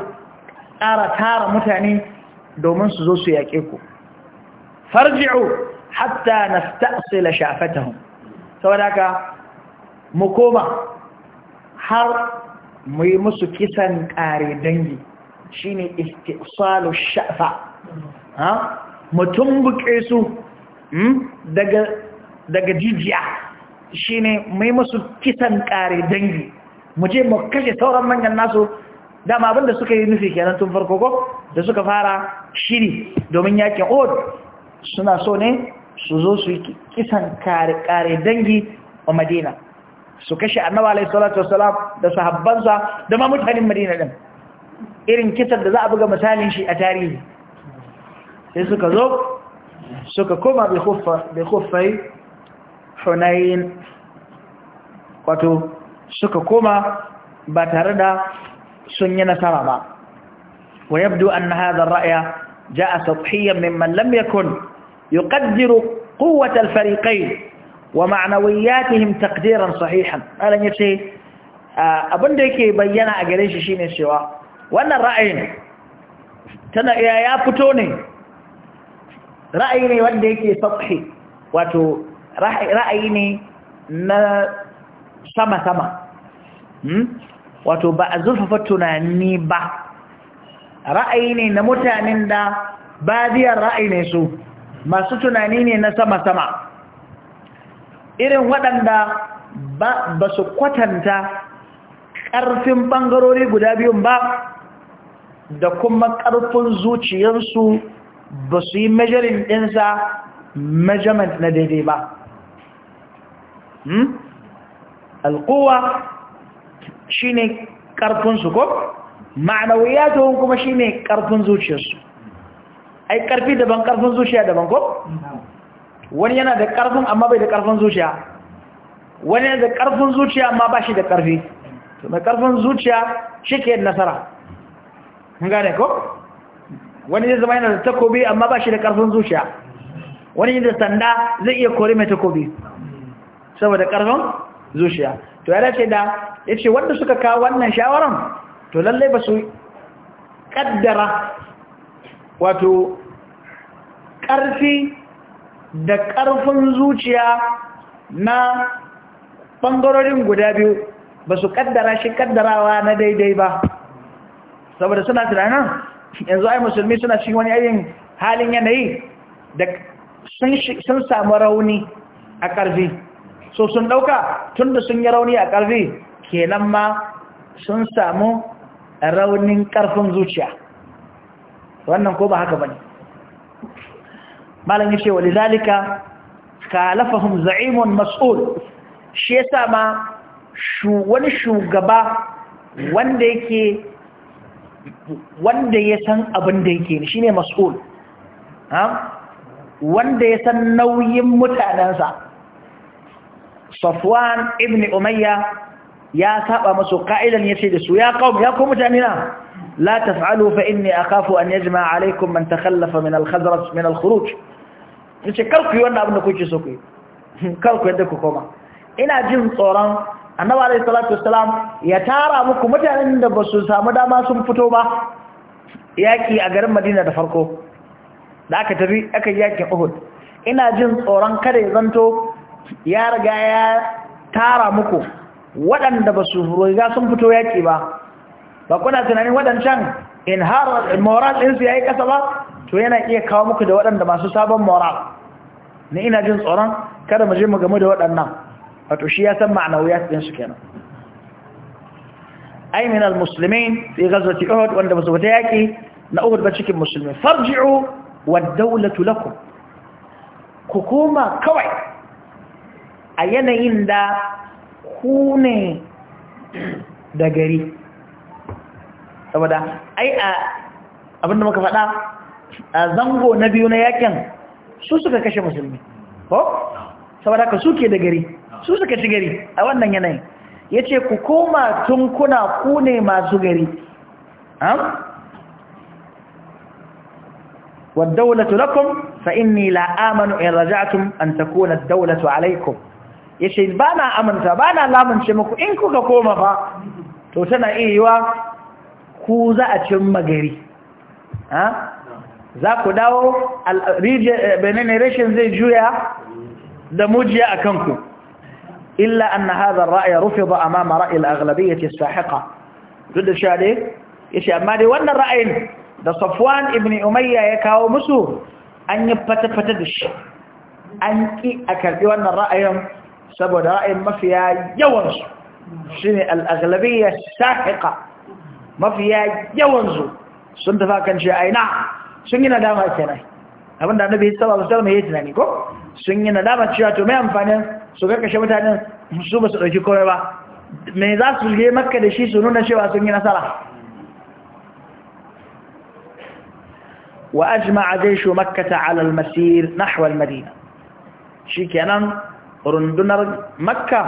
ƙara tara mutane domin su zo su yaƙe ku farji'u hatta nasta'sila shafatahum saboda haka mu koma har mu yi musu kisan kare dangi shine istisalu shafa ha mutum su hmm, daga daga jijiya shine mu yi musu kisan ƙare dangi mu je mu kashe sauran manyan nasu dama abinda suka yi nufi kenan tun farko ko da suka fara shiri domin yakin od suna so ne su zo su yi kisan kare dangi a madina su kashe annaba alai salatu wasalam da sahabbansa da ma mutanen madina din irin kisan da za a buga misalin shi a tarihi sai suka zo suka koma bai kufai hunayin wato suka koma ba tare da sun yi nasara ba wa yabdu an hadha ar-ra'ya a sabhiyan mimman lam yakun يقدر قوة الفريقين ومعنوياتهم تقديرا صحيحا قال يبسي abin da yake bayyana a gare shi shine cewa wannan ra'ayin tana ya fito ne ra'ayi ne wanda yake sathi wato ra'ayi ne na sama sama wato ba a zurfafa tunani ba ra'ayi ne na mutanen da ba badiyar ra'ayi ne su masu tunani ne na sama-sama irin waɗanda ba su kwatanta ƙarfin ɓangarori guda biyun ba da kuma ƙarfin zuciyarsu ba su yi majalin ɗinsa majalin na daidai ba hmm? alƙuwa shi ne ƙarfinsu ko ma'anawiyatun kuma shi ne ƙarfin zuciyarsu ai karfi daban karfin zuciya daban ko wani yana da karfin amma bai da karfin zuciya wani yana da karfin zuciya amma ba shi da karfi to mai karfin zuciya shi ke nasara gane ko wani zai zama yana da takobi amma ba shi da karfin zuciya wani yana da sanda zai iya kore mai takobi saboda karfin zuciya to ya dace da ya ce wanda suka kawo wannan shawaran to lallai ba su kaddara wato ƙarfi da ƙarfin zuciya na ɓangarorin guda biyu ba su ƙaddara shi ƙaddarawa na daidai ba saboda suna tunanin yanzu ai musulmi suna cikin wani ayin halin yanayi da sun samu rauni a ƙarfi so sun ɗauka tun da sun yi rauni a ƙarfi kenan ma sun samu raunin ƙarfin zuciya wannan ko ba haka ba ne malam yace wa lidalika kalafahum za'imun mas'ul shi yasa ma shu wani shugaba wanda yake wanda ya san abin da yake shine mas'ul wanda ya san nauyin mutanansa Safwan ibn Umayya ya saba masu ka'idan yace da su ya qaum ya mutanina لا تفعلوا فإني أخاف أن يجمع عليكم من تخلف من الخزرج من الخروج yace karku yi wannan abin da kuke so ku yi karku yadda ku koma ina jin tsoron annabi alayhi salatu wassalam ya tara muku mutanen da ba samu dama sun fito ba yaki a garin Madina da farko da aka tafi aka yakin Uhud ina jin tsoron kada ya zanto ya riga ya tara muku waɗanda basu riga sun fito yaki ba ba kuna tunanin waɗancan in har moral ɗinsu ya yi ƙasa ba to yana iya kawo muku da waɗanda masu sabon moral ni ina jin tsoron kada mu je mu gamu da waɗannan wato shi ya san ma'anawiyat ɗinsu kenan ai min al-muslimin fi ghazwati uhud wanda ba su fita yaki na uhud ba cikin musulmi farji'u wad-dawlatu lakum ku koma kawai a yanayin da ku ne da gari saboda ai a abinda muka faɗa a zango na biyu na yakin su suka kashe musulmi ko saboda ka suke da gari su suka ci gari a wannan yanayin ya ce ku koma tun kuna ku ne masu gari والدولة لكم فإني لا آمن إن رجعتم أن تكون الدولة عليكم ce ba na aminta ba na lamunce muku in kuka koma fa to tana iya yiwa ku za a cin magari ha za ku dawo benin zai juya da mujiya a kanku illa an na hazar ra'ayi rufe ba a mama ra'ayi al'aglabi ya ce sahiƙa duk da sha dai ya ce amma dai wannan ra'ayin da safwan ibn umayya ya kawo musu an yi fata-fata da shi an ƙi a karɓi wannan ra'ayin saboda ra'ayin mafiya yawansu shi ne al'aglabi ya sahiƙa mafiya yawansu sun tafa kan shi aina sun yi nadama kenan abinda annabi ya saba musulun mai yi tunani ko sun yi nadama cewa to mai amfanin su karkashe mutanen su ba su ɗauki komai ba me za su je makka da shi su nuna cewa sun yi nasara wa ajma'a jaishu makkata ala al-masir nahwa al-madina shikenan rundunar makka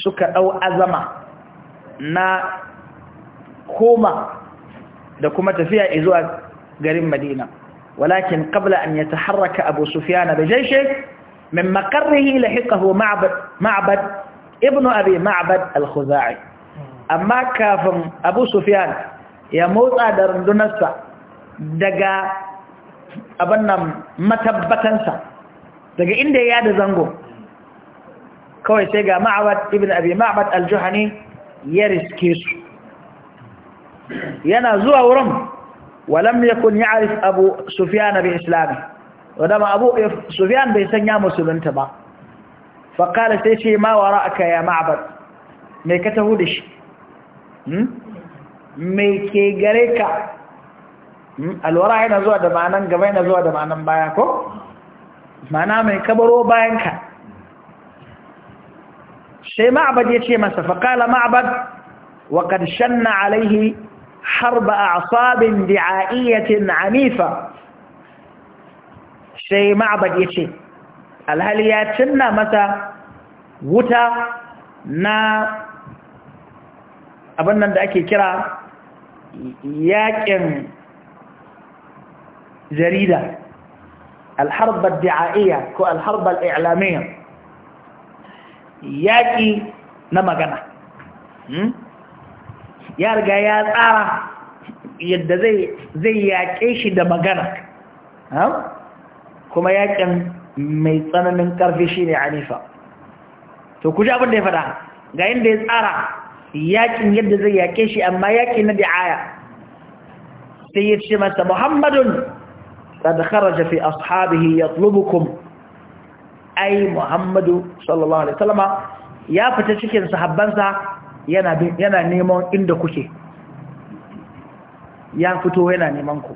suka dau azama na koma da kuma tafiya zuwa garin Madina walakin qabla an yataharraka Abu Sufyan bi jayshi min maqarrihi lahiqahu Ma'bad Ma'bad ibn Abi Ma'bad al-Khuzai amma kafin Abu Sufyan ya motsa da rundunarsa daga abannan matabbatansa daga inda ya da zango kawai sai ga Ma'bad ibn Abi Ma'bad al-Juhani ya riske su yana zuwa wurin walam yakun ya'rif abu sufyan bi islami wadama abu sufyan bai san ya musulunta ba fa qala sai ce ma wara'aka ya ma'bad me ka taho da shi hmm? me ke gare ka hmm? alwara yana zuwa da ma'anan gaba yana zuwa da ma'anan baya ko mana mai kabaro bayan ka sai ma'bad ya ce masa fa qala ma'bad wa qad shanna alaihi harba a'sabin di'a'iyatin anifa sai ya yace alhali ya cinna masa wuta na abin da ake kira yakin jarida الحرب الدعائية ko الحرب yaƙi na magana. ya riga ya tsara yadda zai yaƙe shi da magana kuma yaƙin mai tsananin ƙarfi shi ne anifa to ku ji abin da ya faɗa ga yadda ya tsara yaƙin yadda zai yaƙe shi amma yaƙi na da'aya sai ya ce masa muhammadun قد خرج في أصحابه يطلبكم أي محمد صلى الله عليه وسلم ya fita cikin sahabbansa yana neman inda kuke ya fito yana neman ku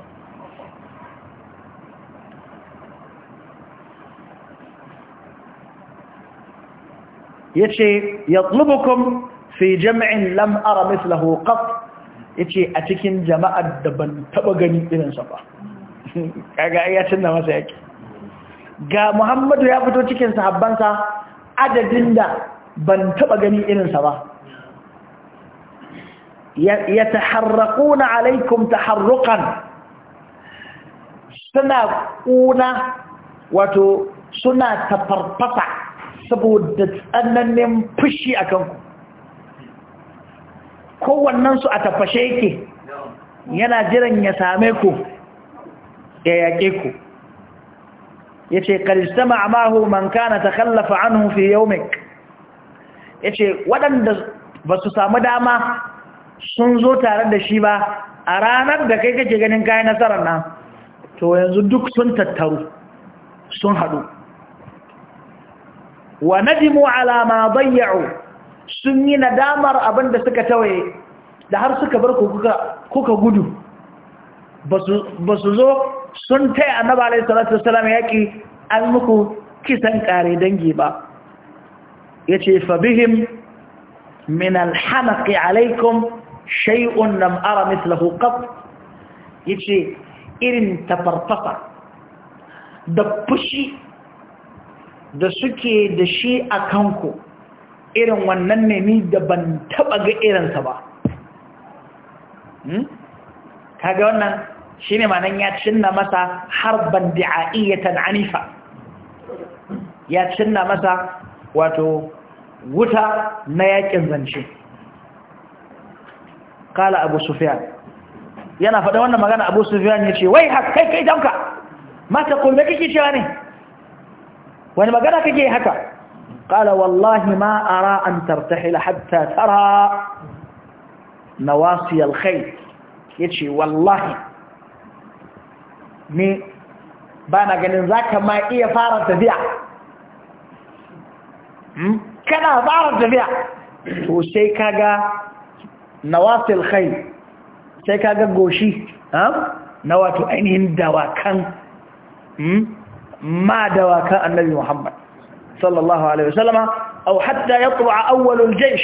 ya ce ya tsulubukum fi jami'in lam'ara mislahu qat ya ce a cikin jama'ar da ban taɓa gani irinsa ba [LAUGHS] kaga ya cinna masa yake ga muhammadu ya fito cikin sahabbansa adadin da ban taɓa gani irinsa ba yataharraquna alaikum taharruqan suna kuna wato suna tafarfasa saboda tsananin fushi a kanku kowannensu a tafashe yake yana jiran ya same ku ya yaƙe ku ya ce ƙaristama a mahu man ta kallafa an hufi yaumik ya ce waɗanda ba su samu dama sun zo tare da shi ba a ranar da kai kake ganin kayan nasarar nan to yanzu duk sun tattaru sun haɗu wa nadimu ala ma dayya'u sun yi nadamar abinda da suka tawaye da har suka bar kuka gudu ba su zo sun taya annaba alayhi salatu salam yaƙi, an muku kisan kare dangi ba yace fa bihim min alhanaqi alaikum shay'un lam ara mithlahu qat yace irin tafarfasa da fushi da suke da shi a kanku irin wannan ne da ban taba ga irinsa ba hmm? kaga wannan shine manan ya cinna masa harban iya anifa ya cinna masa wato wuta na yakin zance kala abu sufiyan yana faɗa wannan magana abu sufiyan ya ce wai haka kai kai damka mata kulme kake cewa ne wani magana kake haka kala wallahi ma ara an tartahila hatta tara nawasi alkhair yace wallahi ni ba na ganin zaka ma iya fara tafiya hmm? kana fara tafiya to sai kaga nawasil khair sai kaga goshi na wato ainihin dawakan hmm? ma dawakan annabi Muhammad sallallahu alaihi wasallama aw hatta yatlu'a awwalul jaysh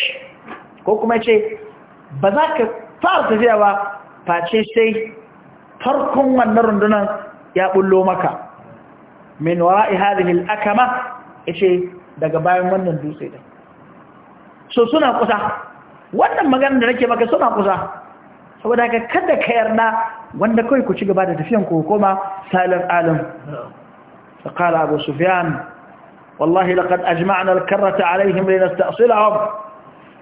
ko kuma yace ba za ka fara tafiya ba face sai farkon wannan rundunar ya bullo maka min wara'i hadhihi al ya yace daga bayan wannan dutse din so suna kusa wannan maganar da nake maka suna kusa saboda ka kada ka yarda wanda kai ku ci gaba da tafiyan ku koma salan alam fa abu sufyan wallahi laqad ajma'na al-karata alaihim linasta'silahum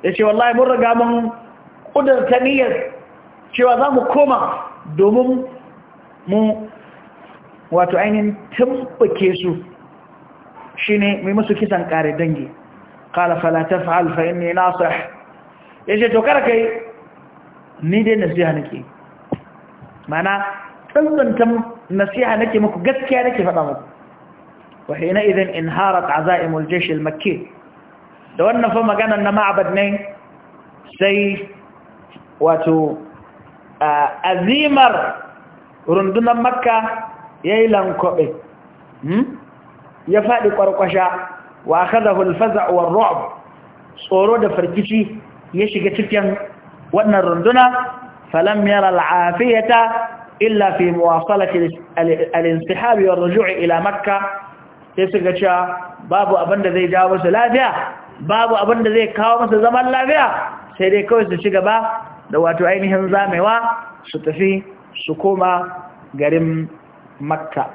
yace wallahi mun riga mun kudar taniyar cewa za mu koma domin mu wato ainin tumbuke su shine mai musu kisan kare dangi قال فلا تفعل فإني ya ce to kar kai ni dai nasiha nake mana tsantsantan nasiha nake muku gaskiya nake faɗa muku wahina idan in azaimul jaysh al-makki da wannan fa maganar na ma'abad ne sai wato azimar rundunar makka yayi lankobe hmm? ya faɗi kwarkwasha wa akhadahu al-faza'u tsoro da farkici ya shiga cikin wannan runduna falam yara al'afiyata illa fi muwasalati al-insihabi war ruju' ila makka sai suka cewa babu abinda zai jawo masa lafiya babu abinda zai kawo masa zaman lafiya sai dai kawai su ci gaba da wato ainihin zamewa su tafi su koma garin makka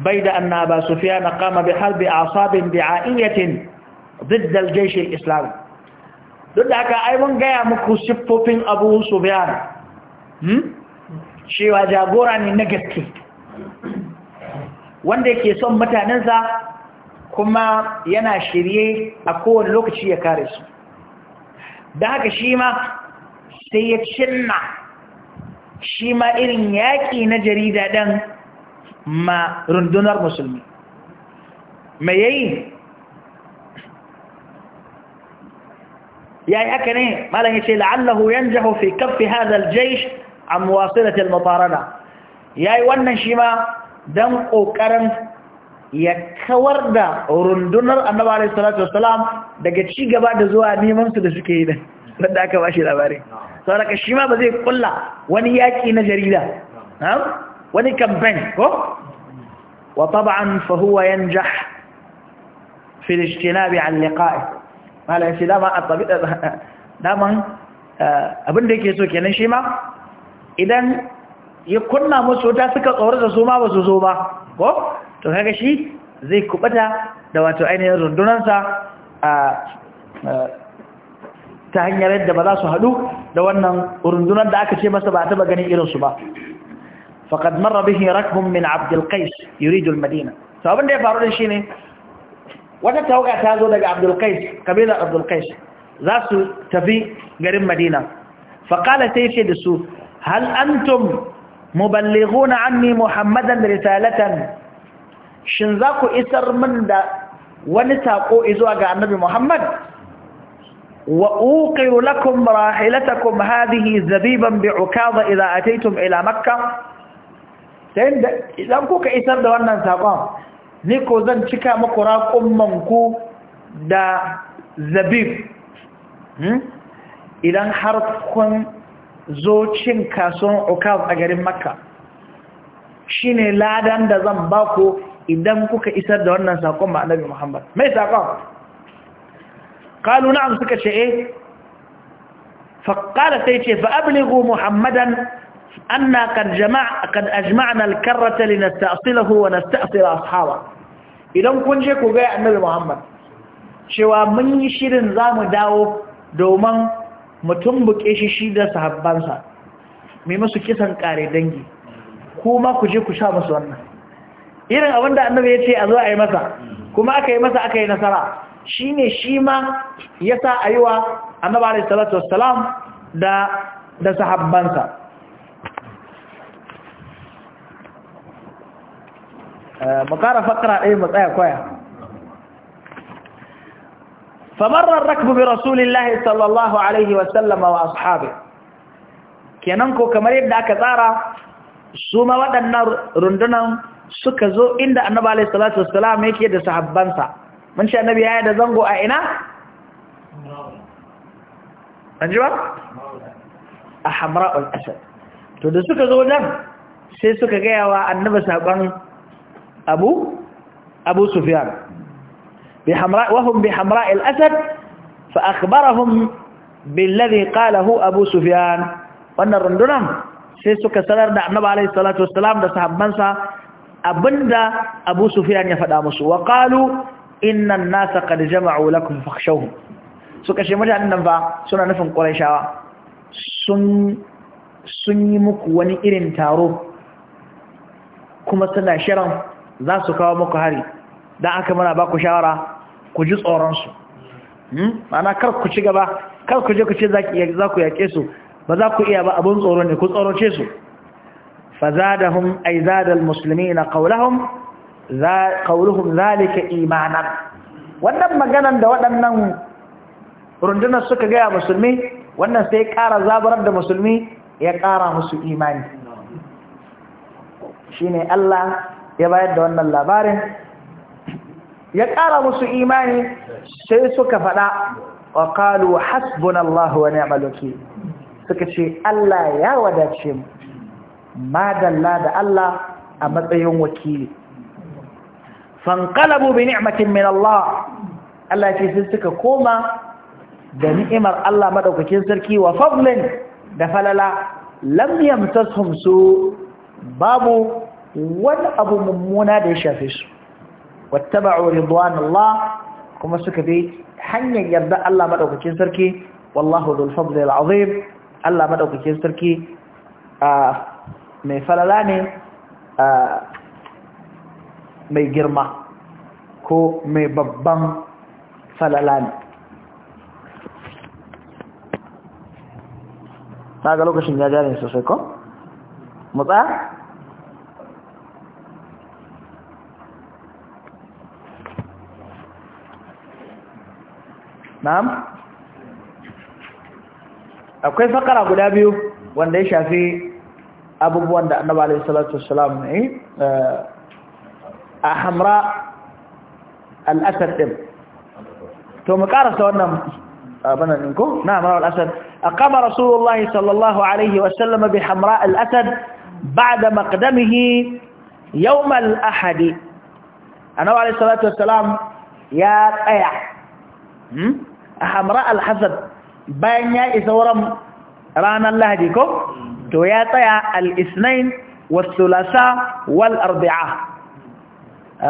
bai da annaba sufiya na kama bi harbi asabin bia'iyatin ضد الجيش islam. duk da haka ai mun gaya muku siffofin abu su biya hmm? cewa jagora ne na gaske wanda ke son mutanensa kuma yana shirye a kowane lokaci ya kare su da haka shi ma sai ya cinna shi ma irin yaƙi na jarida ɗan ma rundunar musulmi mai yayi يا يكني ما لنيتي لعله ينجح في كف هذا الجيش عن مواصلة المطاردة يا ونشما دم قرن يكور دا رندنر النبي عليه الصلاة والسلام دكتشي قبع دزوا نيمان سدسكي دا فداك واشي لباري صارك الشما بذي قلا ونياكي نجريدا نعم وني كمبين وطبعا فهو ينجح في الاجتناب عن لقائه malam shi dama a tsabi [LAUGHS] daman eh, abin yake so kenan shi ma idan ya kunna musu wuta suka tsorata su ma ba su zo ba ko to kaga shi zai kubata da wato ainihin rundunansa a eh, ta hanyar yadda ba za su haɗu da wannan rundunar da aka ce masa ba taɓa ganin irinsu ba faƙad marar bihin rakhun min abdulkais yuridul madina to abin da ya faru da shi ne wata tawaga ta zo daga abdul qais kabilar abdul qais za su tafi garin madina faƙala ta yake da su hal antum muballighuna anni muhammadan risalatan shin za ku isar min da wani saƙo izuwa ga annabi muhammad wa uqiru lakum rahilatakum hadhihi zabiban bi'ukaza idza ataytum ila makkah sai idan kuka isar da wannan saƙon ni ko zan cika maku ku da zabib hmm? idan har kun zo cin kasuwan okaf a garin makka shi ne ladan da zan baku idan kuka isar da wannan saƙon ba annabi muhammad mai saƙon ƙalu na'am suka ce eh faƙaɗa sai ce fa abligu muhammadan أن قد, na قد أجمعنا الكرة لنستأصله ونستأصل أصحابه idan kun je ku ga annabi Muhammad cewa mun yi shirin za mu dawo domin mutum buke shi shi da sahabbansa mai musu kisan kare dangi kuma kuje je ku sha musu wannan irin abinda annabi ya ce a zo a yi masa kuma aka yi masa aka yi nasara shi ne shi ma ya sa a yi wa annabi alaihi salatu wassalam da sahabbansa Eh, mu kara fakara ɗaya mu tsaya kwaya famar rakbu bi rasulillahi sallallahu alaihi sallam wa ashabi kenan ko kamar yadda aka tsara su ma waɗannan rundunan suka zo inda annaba alaihi salatu wassalam yake da sahabbansa mun ce annabi ya yi da zango a ina? an ji ba? a hamra'ul asad to da suka zo nan sai suka gaya wa annaba saƙon أبو أبو سفيان بحمراء وهم بحمراء الأسد فأخبرهم بالذي قاله أبو سفيان وأن الرندنم سيسوك سلر نعنب عليه الصلاة والسلام دا صحب منسى أبند أبو سفيان يفدامس وقالوا إن الناس قد جمعوا لكم فاخشوهم suka ce mutanen ba suna nufin ƙwarishawa sun yi muku wani irin taro kuma suna shirin za su kawo muku hari don aka mana ba ku shawara ku ji tsoronsu mana hmm? kar ku ci gaba kar ku je ku ce za ku yaƙe su ba za ku iya ba abin tsoro ne ku ce su da أي na المسلمين za قولهم zalika imanan. wannan maganan da waɗannan rundunar suka gaya musulmi wannan sai ƙara zabarar da musulmi ya ƙara musu imani shine Allah ya bayar da wannan labarin ya ƙara musu imani sai suka faɗa wa ƙalu hasbunallahu wa ni'mal suka ce Allah ya wadace mu madalla da Allah a matsayin wakili fanqalabu bi ni'matin min Allah Allah ce sai suka koma da ni'imar Allah madaukakin sarki wa fadlin da falala lam yamtashum su babu wani abu mummuna da ya shafe su wattaba'u ridwanallah kuma suka bi hanyar yarda Allah madaukakin sarki wallahu dhul fadli al'azim Allah madaukakin sarki mai falala ne mai girma ko mai babban falala ne na ga lokacin ya jari sosai ko? mutsa? na'am akwai fakara guda biyu wanda ya shafi abubuwan da annabi alaihi salatu wassalam ne a hamra al-asad din to mu karasa wannan abana din ko na hamra al-asad aqama rasulullahi sallallahu alaihi wasallam bi hamra al-asad ba'da maqdamihi yawm al-ahad annabi alaihi salatu wassalam ya tsaya a hamra alhassad bayan ya isa wurin ranar lahadi ko to ya tsaya al-isnain wasulasa wal arbi'a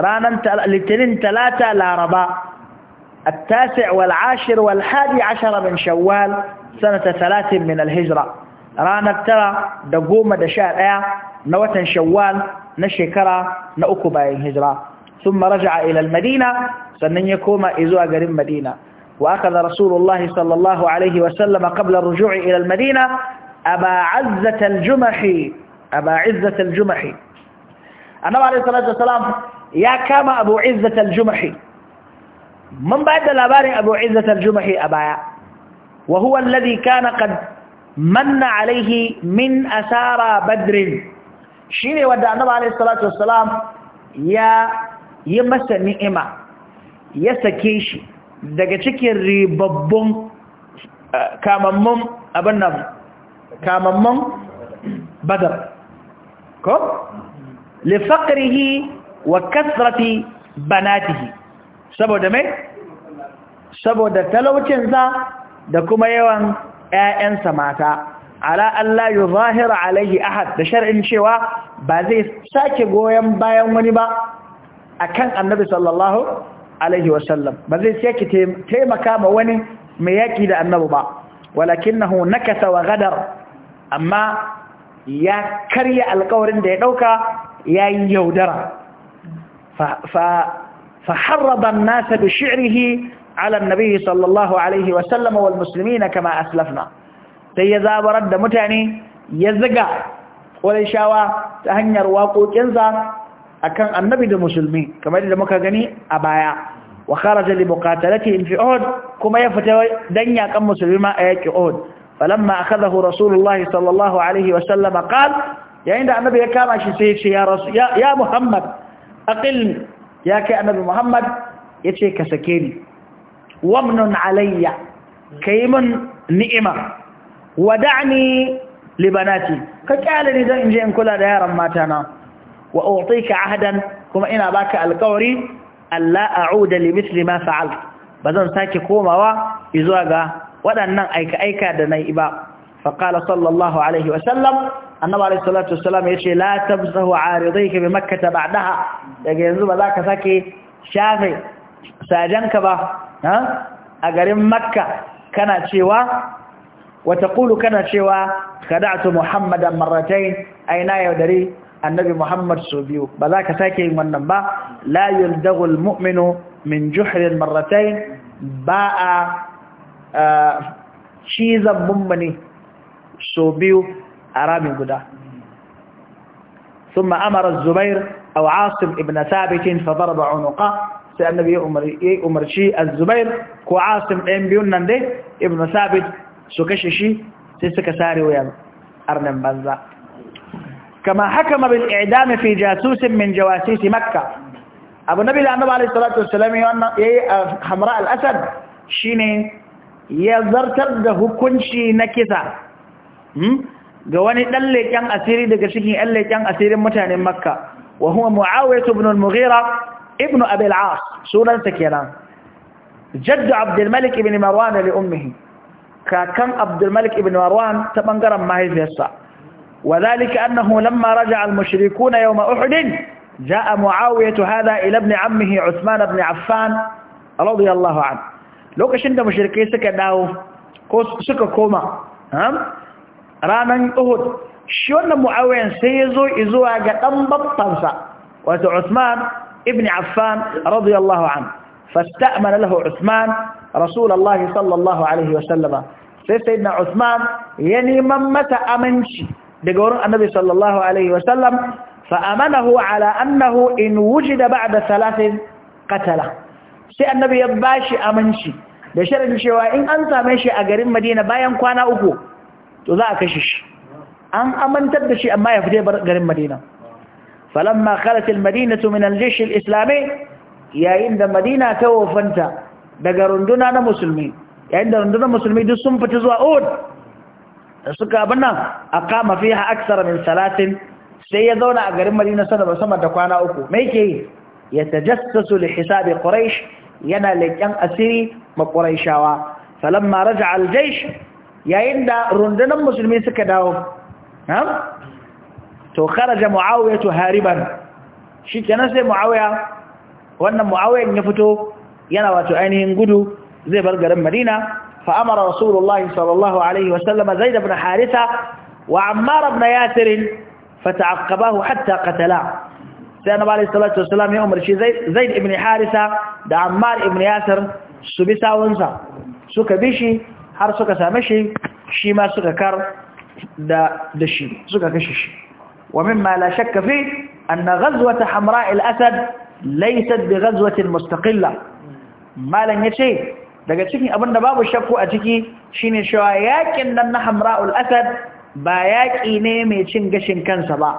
ranar talata laraba التاسع والعاشر والحادي عشر من شوال سنة ثلاث من الهجرة رانا ترى دقوم دشاء نوة شوال نشكرة نأكبا الهجرة ثم رجع إلى المدينة سنن يكوم إزوى قريب مدينة وأخذ رسول الله صلى الله عليه وسلم قبل الرجوع إلى المدينة أبا عزة الجمحي أبا عزة الجمحي النبي عليه الصلاة والسلام يا كما أبو عزة الجمحي من بعد الأبار أبو عزة الجمحي أبايا وهو الذي كان قد من عليه من أسارى بدر شيني ودى النبي عليه الصلاة والسلام يا يمس نئمة يسكيشي daga cikin ribabbun eh, kamamman abin nan kamamman badar ko lifakarihi wa kasrati banatihi saboda mai saboda talaucinsa da kuma yawan ‘ya'yansa mata ala Allah yi zahira alaihi ahad da shar'in cewa ba zai sake goyon bayan wani ba akan annabi sallallahu alaihi wasallam ba zai sake taimaka ma wani mai yaƙi da annabi ba walakinahu nakasa wa gadar amma ya karya alƙawarin da ya ɗauka ya yi yaudara fa harraban nasa bi shi'rihi ala nabi sallallahu alaihi wasallam wal muslimina kama aslafna sai ya zabarar da mutane ya ziga shawa ta hanyar waƙoƙinsa akan annabi da musulmi kamar da muka gani a baya wa kharaja li muqatalatihim fi uhud kuma ya fita dan yakan musulma a yaki uhud falamma akhadahu rasulullahi sallallahu alaihi wa sallam qala yayin da annabi ya kama shi sai ya ya rasu ya muhammad aqilni ya kai annabi muhammad yace ka sake ni wamnun alayya kai mun ni'ima wada'ni libanati ka kyale ni dan inje in kula da yaran mata na wa utika ahdan kuma ina baka alƙawari alla a'uda li misli ma fa'al bazan sake komawa zuwa ga waɗannan aika-aika da nayi ba fa qala sallallahu alaihi wa sallam annabi alaihi salatu wassalam yace la tabzahu aridayka bi makkah ba'daha daga yanzu ba za ka sake shafe sajanka ba a garin makka kana cewa wa taqulu kana cewa kada'tu muhammadan marratayn aina yaudari annabi Muhammad so biyu ba za ka sake yin wannan ba la yuldagul mu'minu min juhrin marratain ba a cizan mummuni so biyu a guda ثم أمر الزبير أو عاصم ابن ثابت فضرب عنقه sai annabi ya umarci az ko asim ɗayan biyun nan dai ibnu sabit su kashe shi sai suka sare wayan arnan banza كما حكم بالإعدام في جاسوس من جواسيس مكة أبو النبي الأنبي عليه الصلاة والسلام حمراء الأسد شيني يزرتر ده كنشي نكسة ga wani ɗan leƙen asiri daga cikin ɗan leƙen asirin mutanen makka wa huwa mu'awiyatu ibn al-mughira ibn abi al sunansa kenan jaddu abdul malik ibn marwan li ummihi kakan abdul malik ibn marwan ta bangaren mahaifiyarsa وذلك أنه لما رجع المشركون يوم أحد جاء معاوية هذا إلى ابن عمه عثمان بن عفان رضي الله عنه لو كشند مشركي سكا داو سكا كوما رانا أهد شون معاوية سيزو إزوها قدام بطنسا وعثمان ابن عفان رضي الله عنه فاستأمن له عثمان رسول الله صلى الله عليه وسلم سيدنا عثمان يني من متى أمنشي daga wurin annabi sallallahu alaihi wasallam fa'amanahu ala annahu in wujida ba'da salatin qatala sai annabi ya bashi aminci da sharadin cewa in an same shi a garin Madina bayan kwana uku to za a kashe shi an amintar da shi amma ya fita garin Madina falamma khalat almadinatu min aljish alislami yayin da Madina ta wofanta daga runduna na musulmi yayin da rundunar musulmi duk sun fita zuwa Uhud da suka abin nan a kama fi ha aksara min salatin sai ya zauna a garin madina sana ba sama da kwana uku mai ke yi ya tajassasu li hisabi ƙuraish yana leƙen asiri ma ƙuraishawa salam ma raja aljaish yayin da rundunan musulmi suka dawo to karaja muawiya hariban shi kenan sai muawiya wannan muawiyan ya fito yana wato ainihin gudu zai bar garin madina فأمر رسول الله صلى الله عليه وسلم زيد بن حارثة وعمار بن ياسر فتعقباه حتى قتلا سيدنا عليه الصلاة والسلام يوم رشي زيد, زيد بن حارثة دا عمار بن ياسر سبسا ونسا سوك بيشي حر سوك سامشي شيما سوك كر دا دشي سوك كشش ومما لا شك فيه أن غزوة حمراء الأسد ليست بغزوة مستقلة ما لن يشيه daga cikin abin da babu shakku a ciki shine cewa yakin nan na Hamra'ul Asad ba yaki ne mai cin gashin kansa ba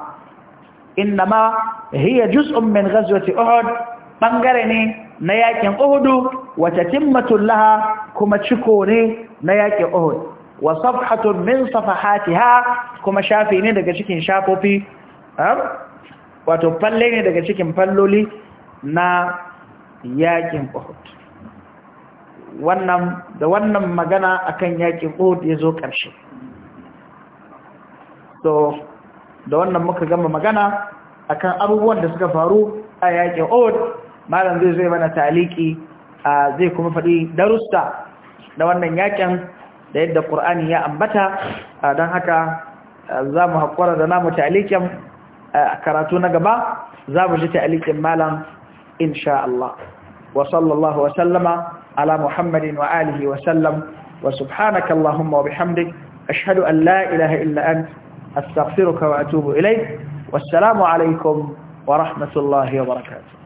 innama hiya juz'un min ghazwati Uhud bangare ne na yakin Uhud wa tatimmatul laha kuma ciko ne na yakin Uhud wa safhatun min safahatiha kuma shafi ne daga cikin shafofi eh, wato falle ne daga cikin falloli na yakin Uhud wannan da wannan magana akan yaƙin od ya zo ƙarshe so da wannan muka gama magana akan abubuwan da suka faru a yaƙin od malam zai zai mana taliki zai kuma faɗi darussa. da wannan yakin da yadda Qur'ani ya ambata don haka za mu haƙura da namu talikin karatu na gaba za mu ji talikin malam insha Allah wa sallallahu wa sallama على محمد وآله وسلم وسبحانك اللهم وبحمدك أشهد أن لا إله إلا أنت أستغفرك وأتوب إليك والسلام عليكم ورحمة الله وبركاته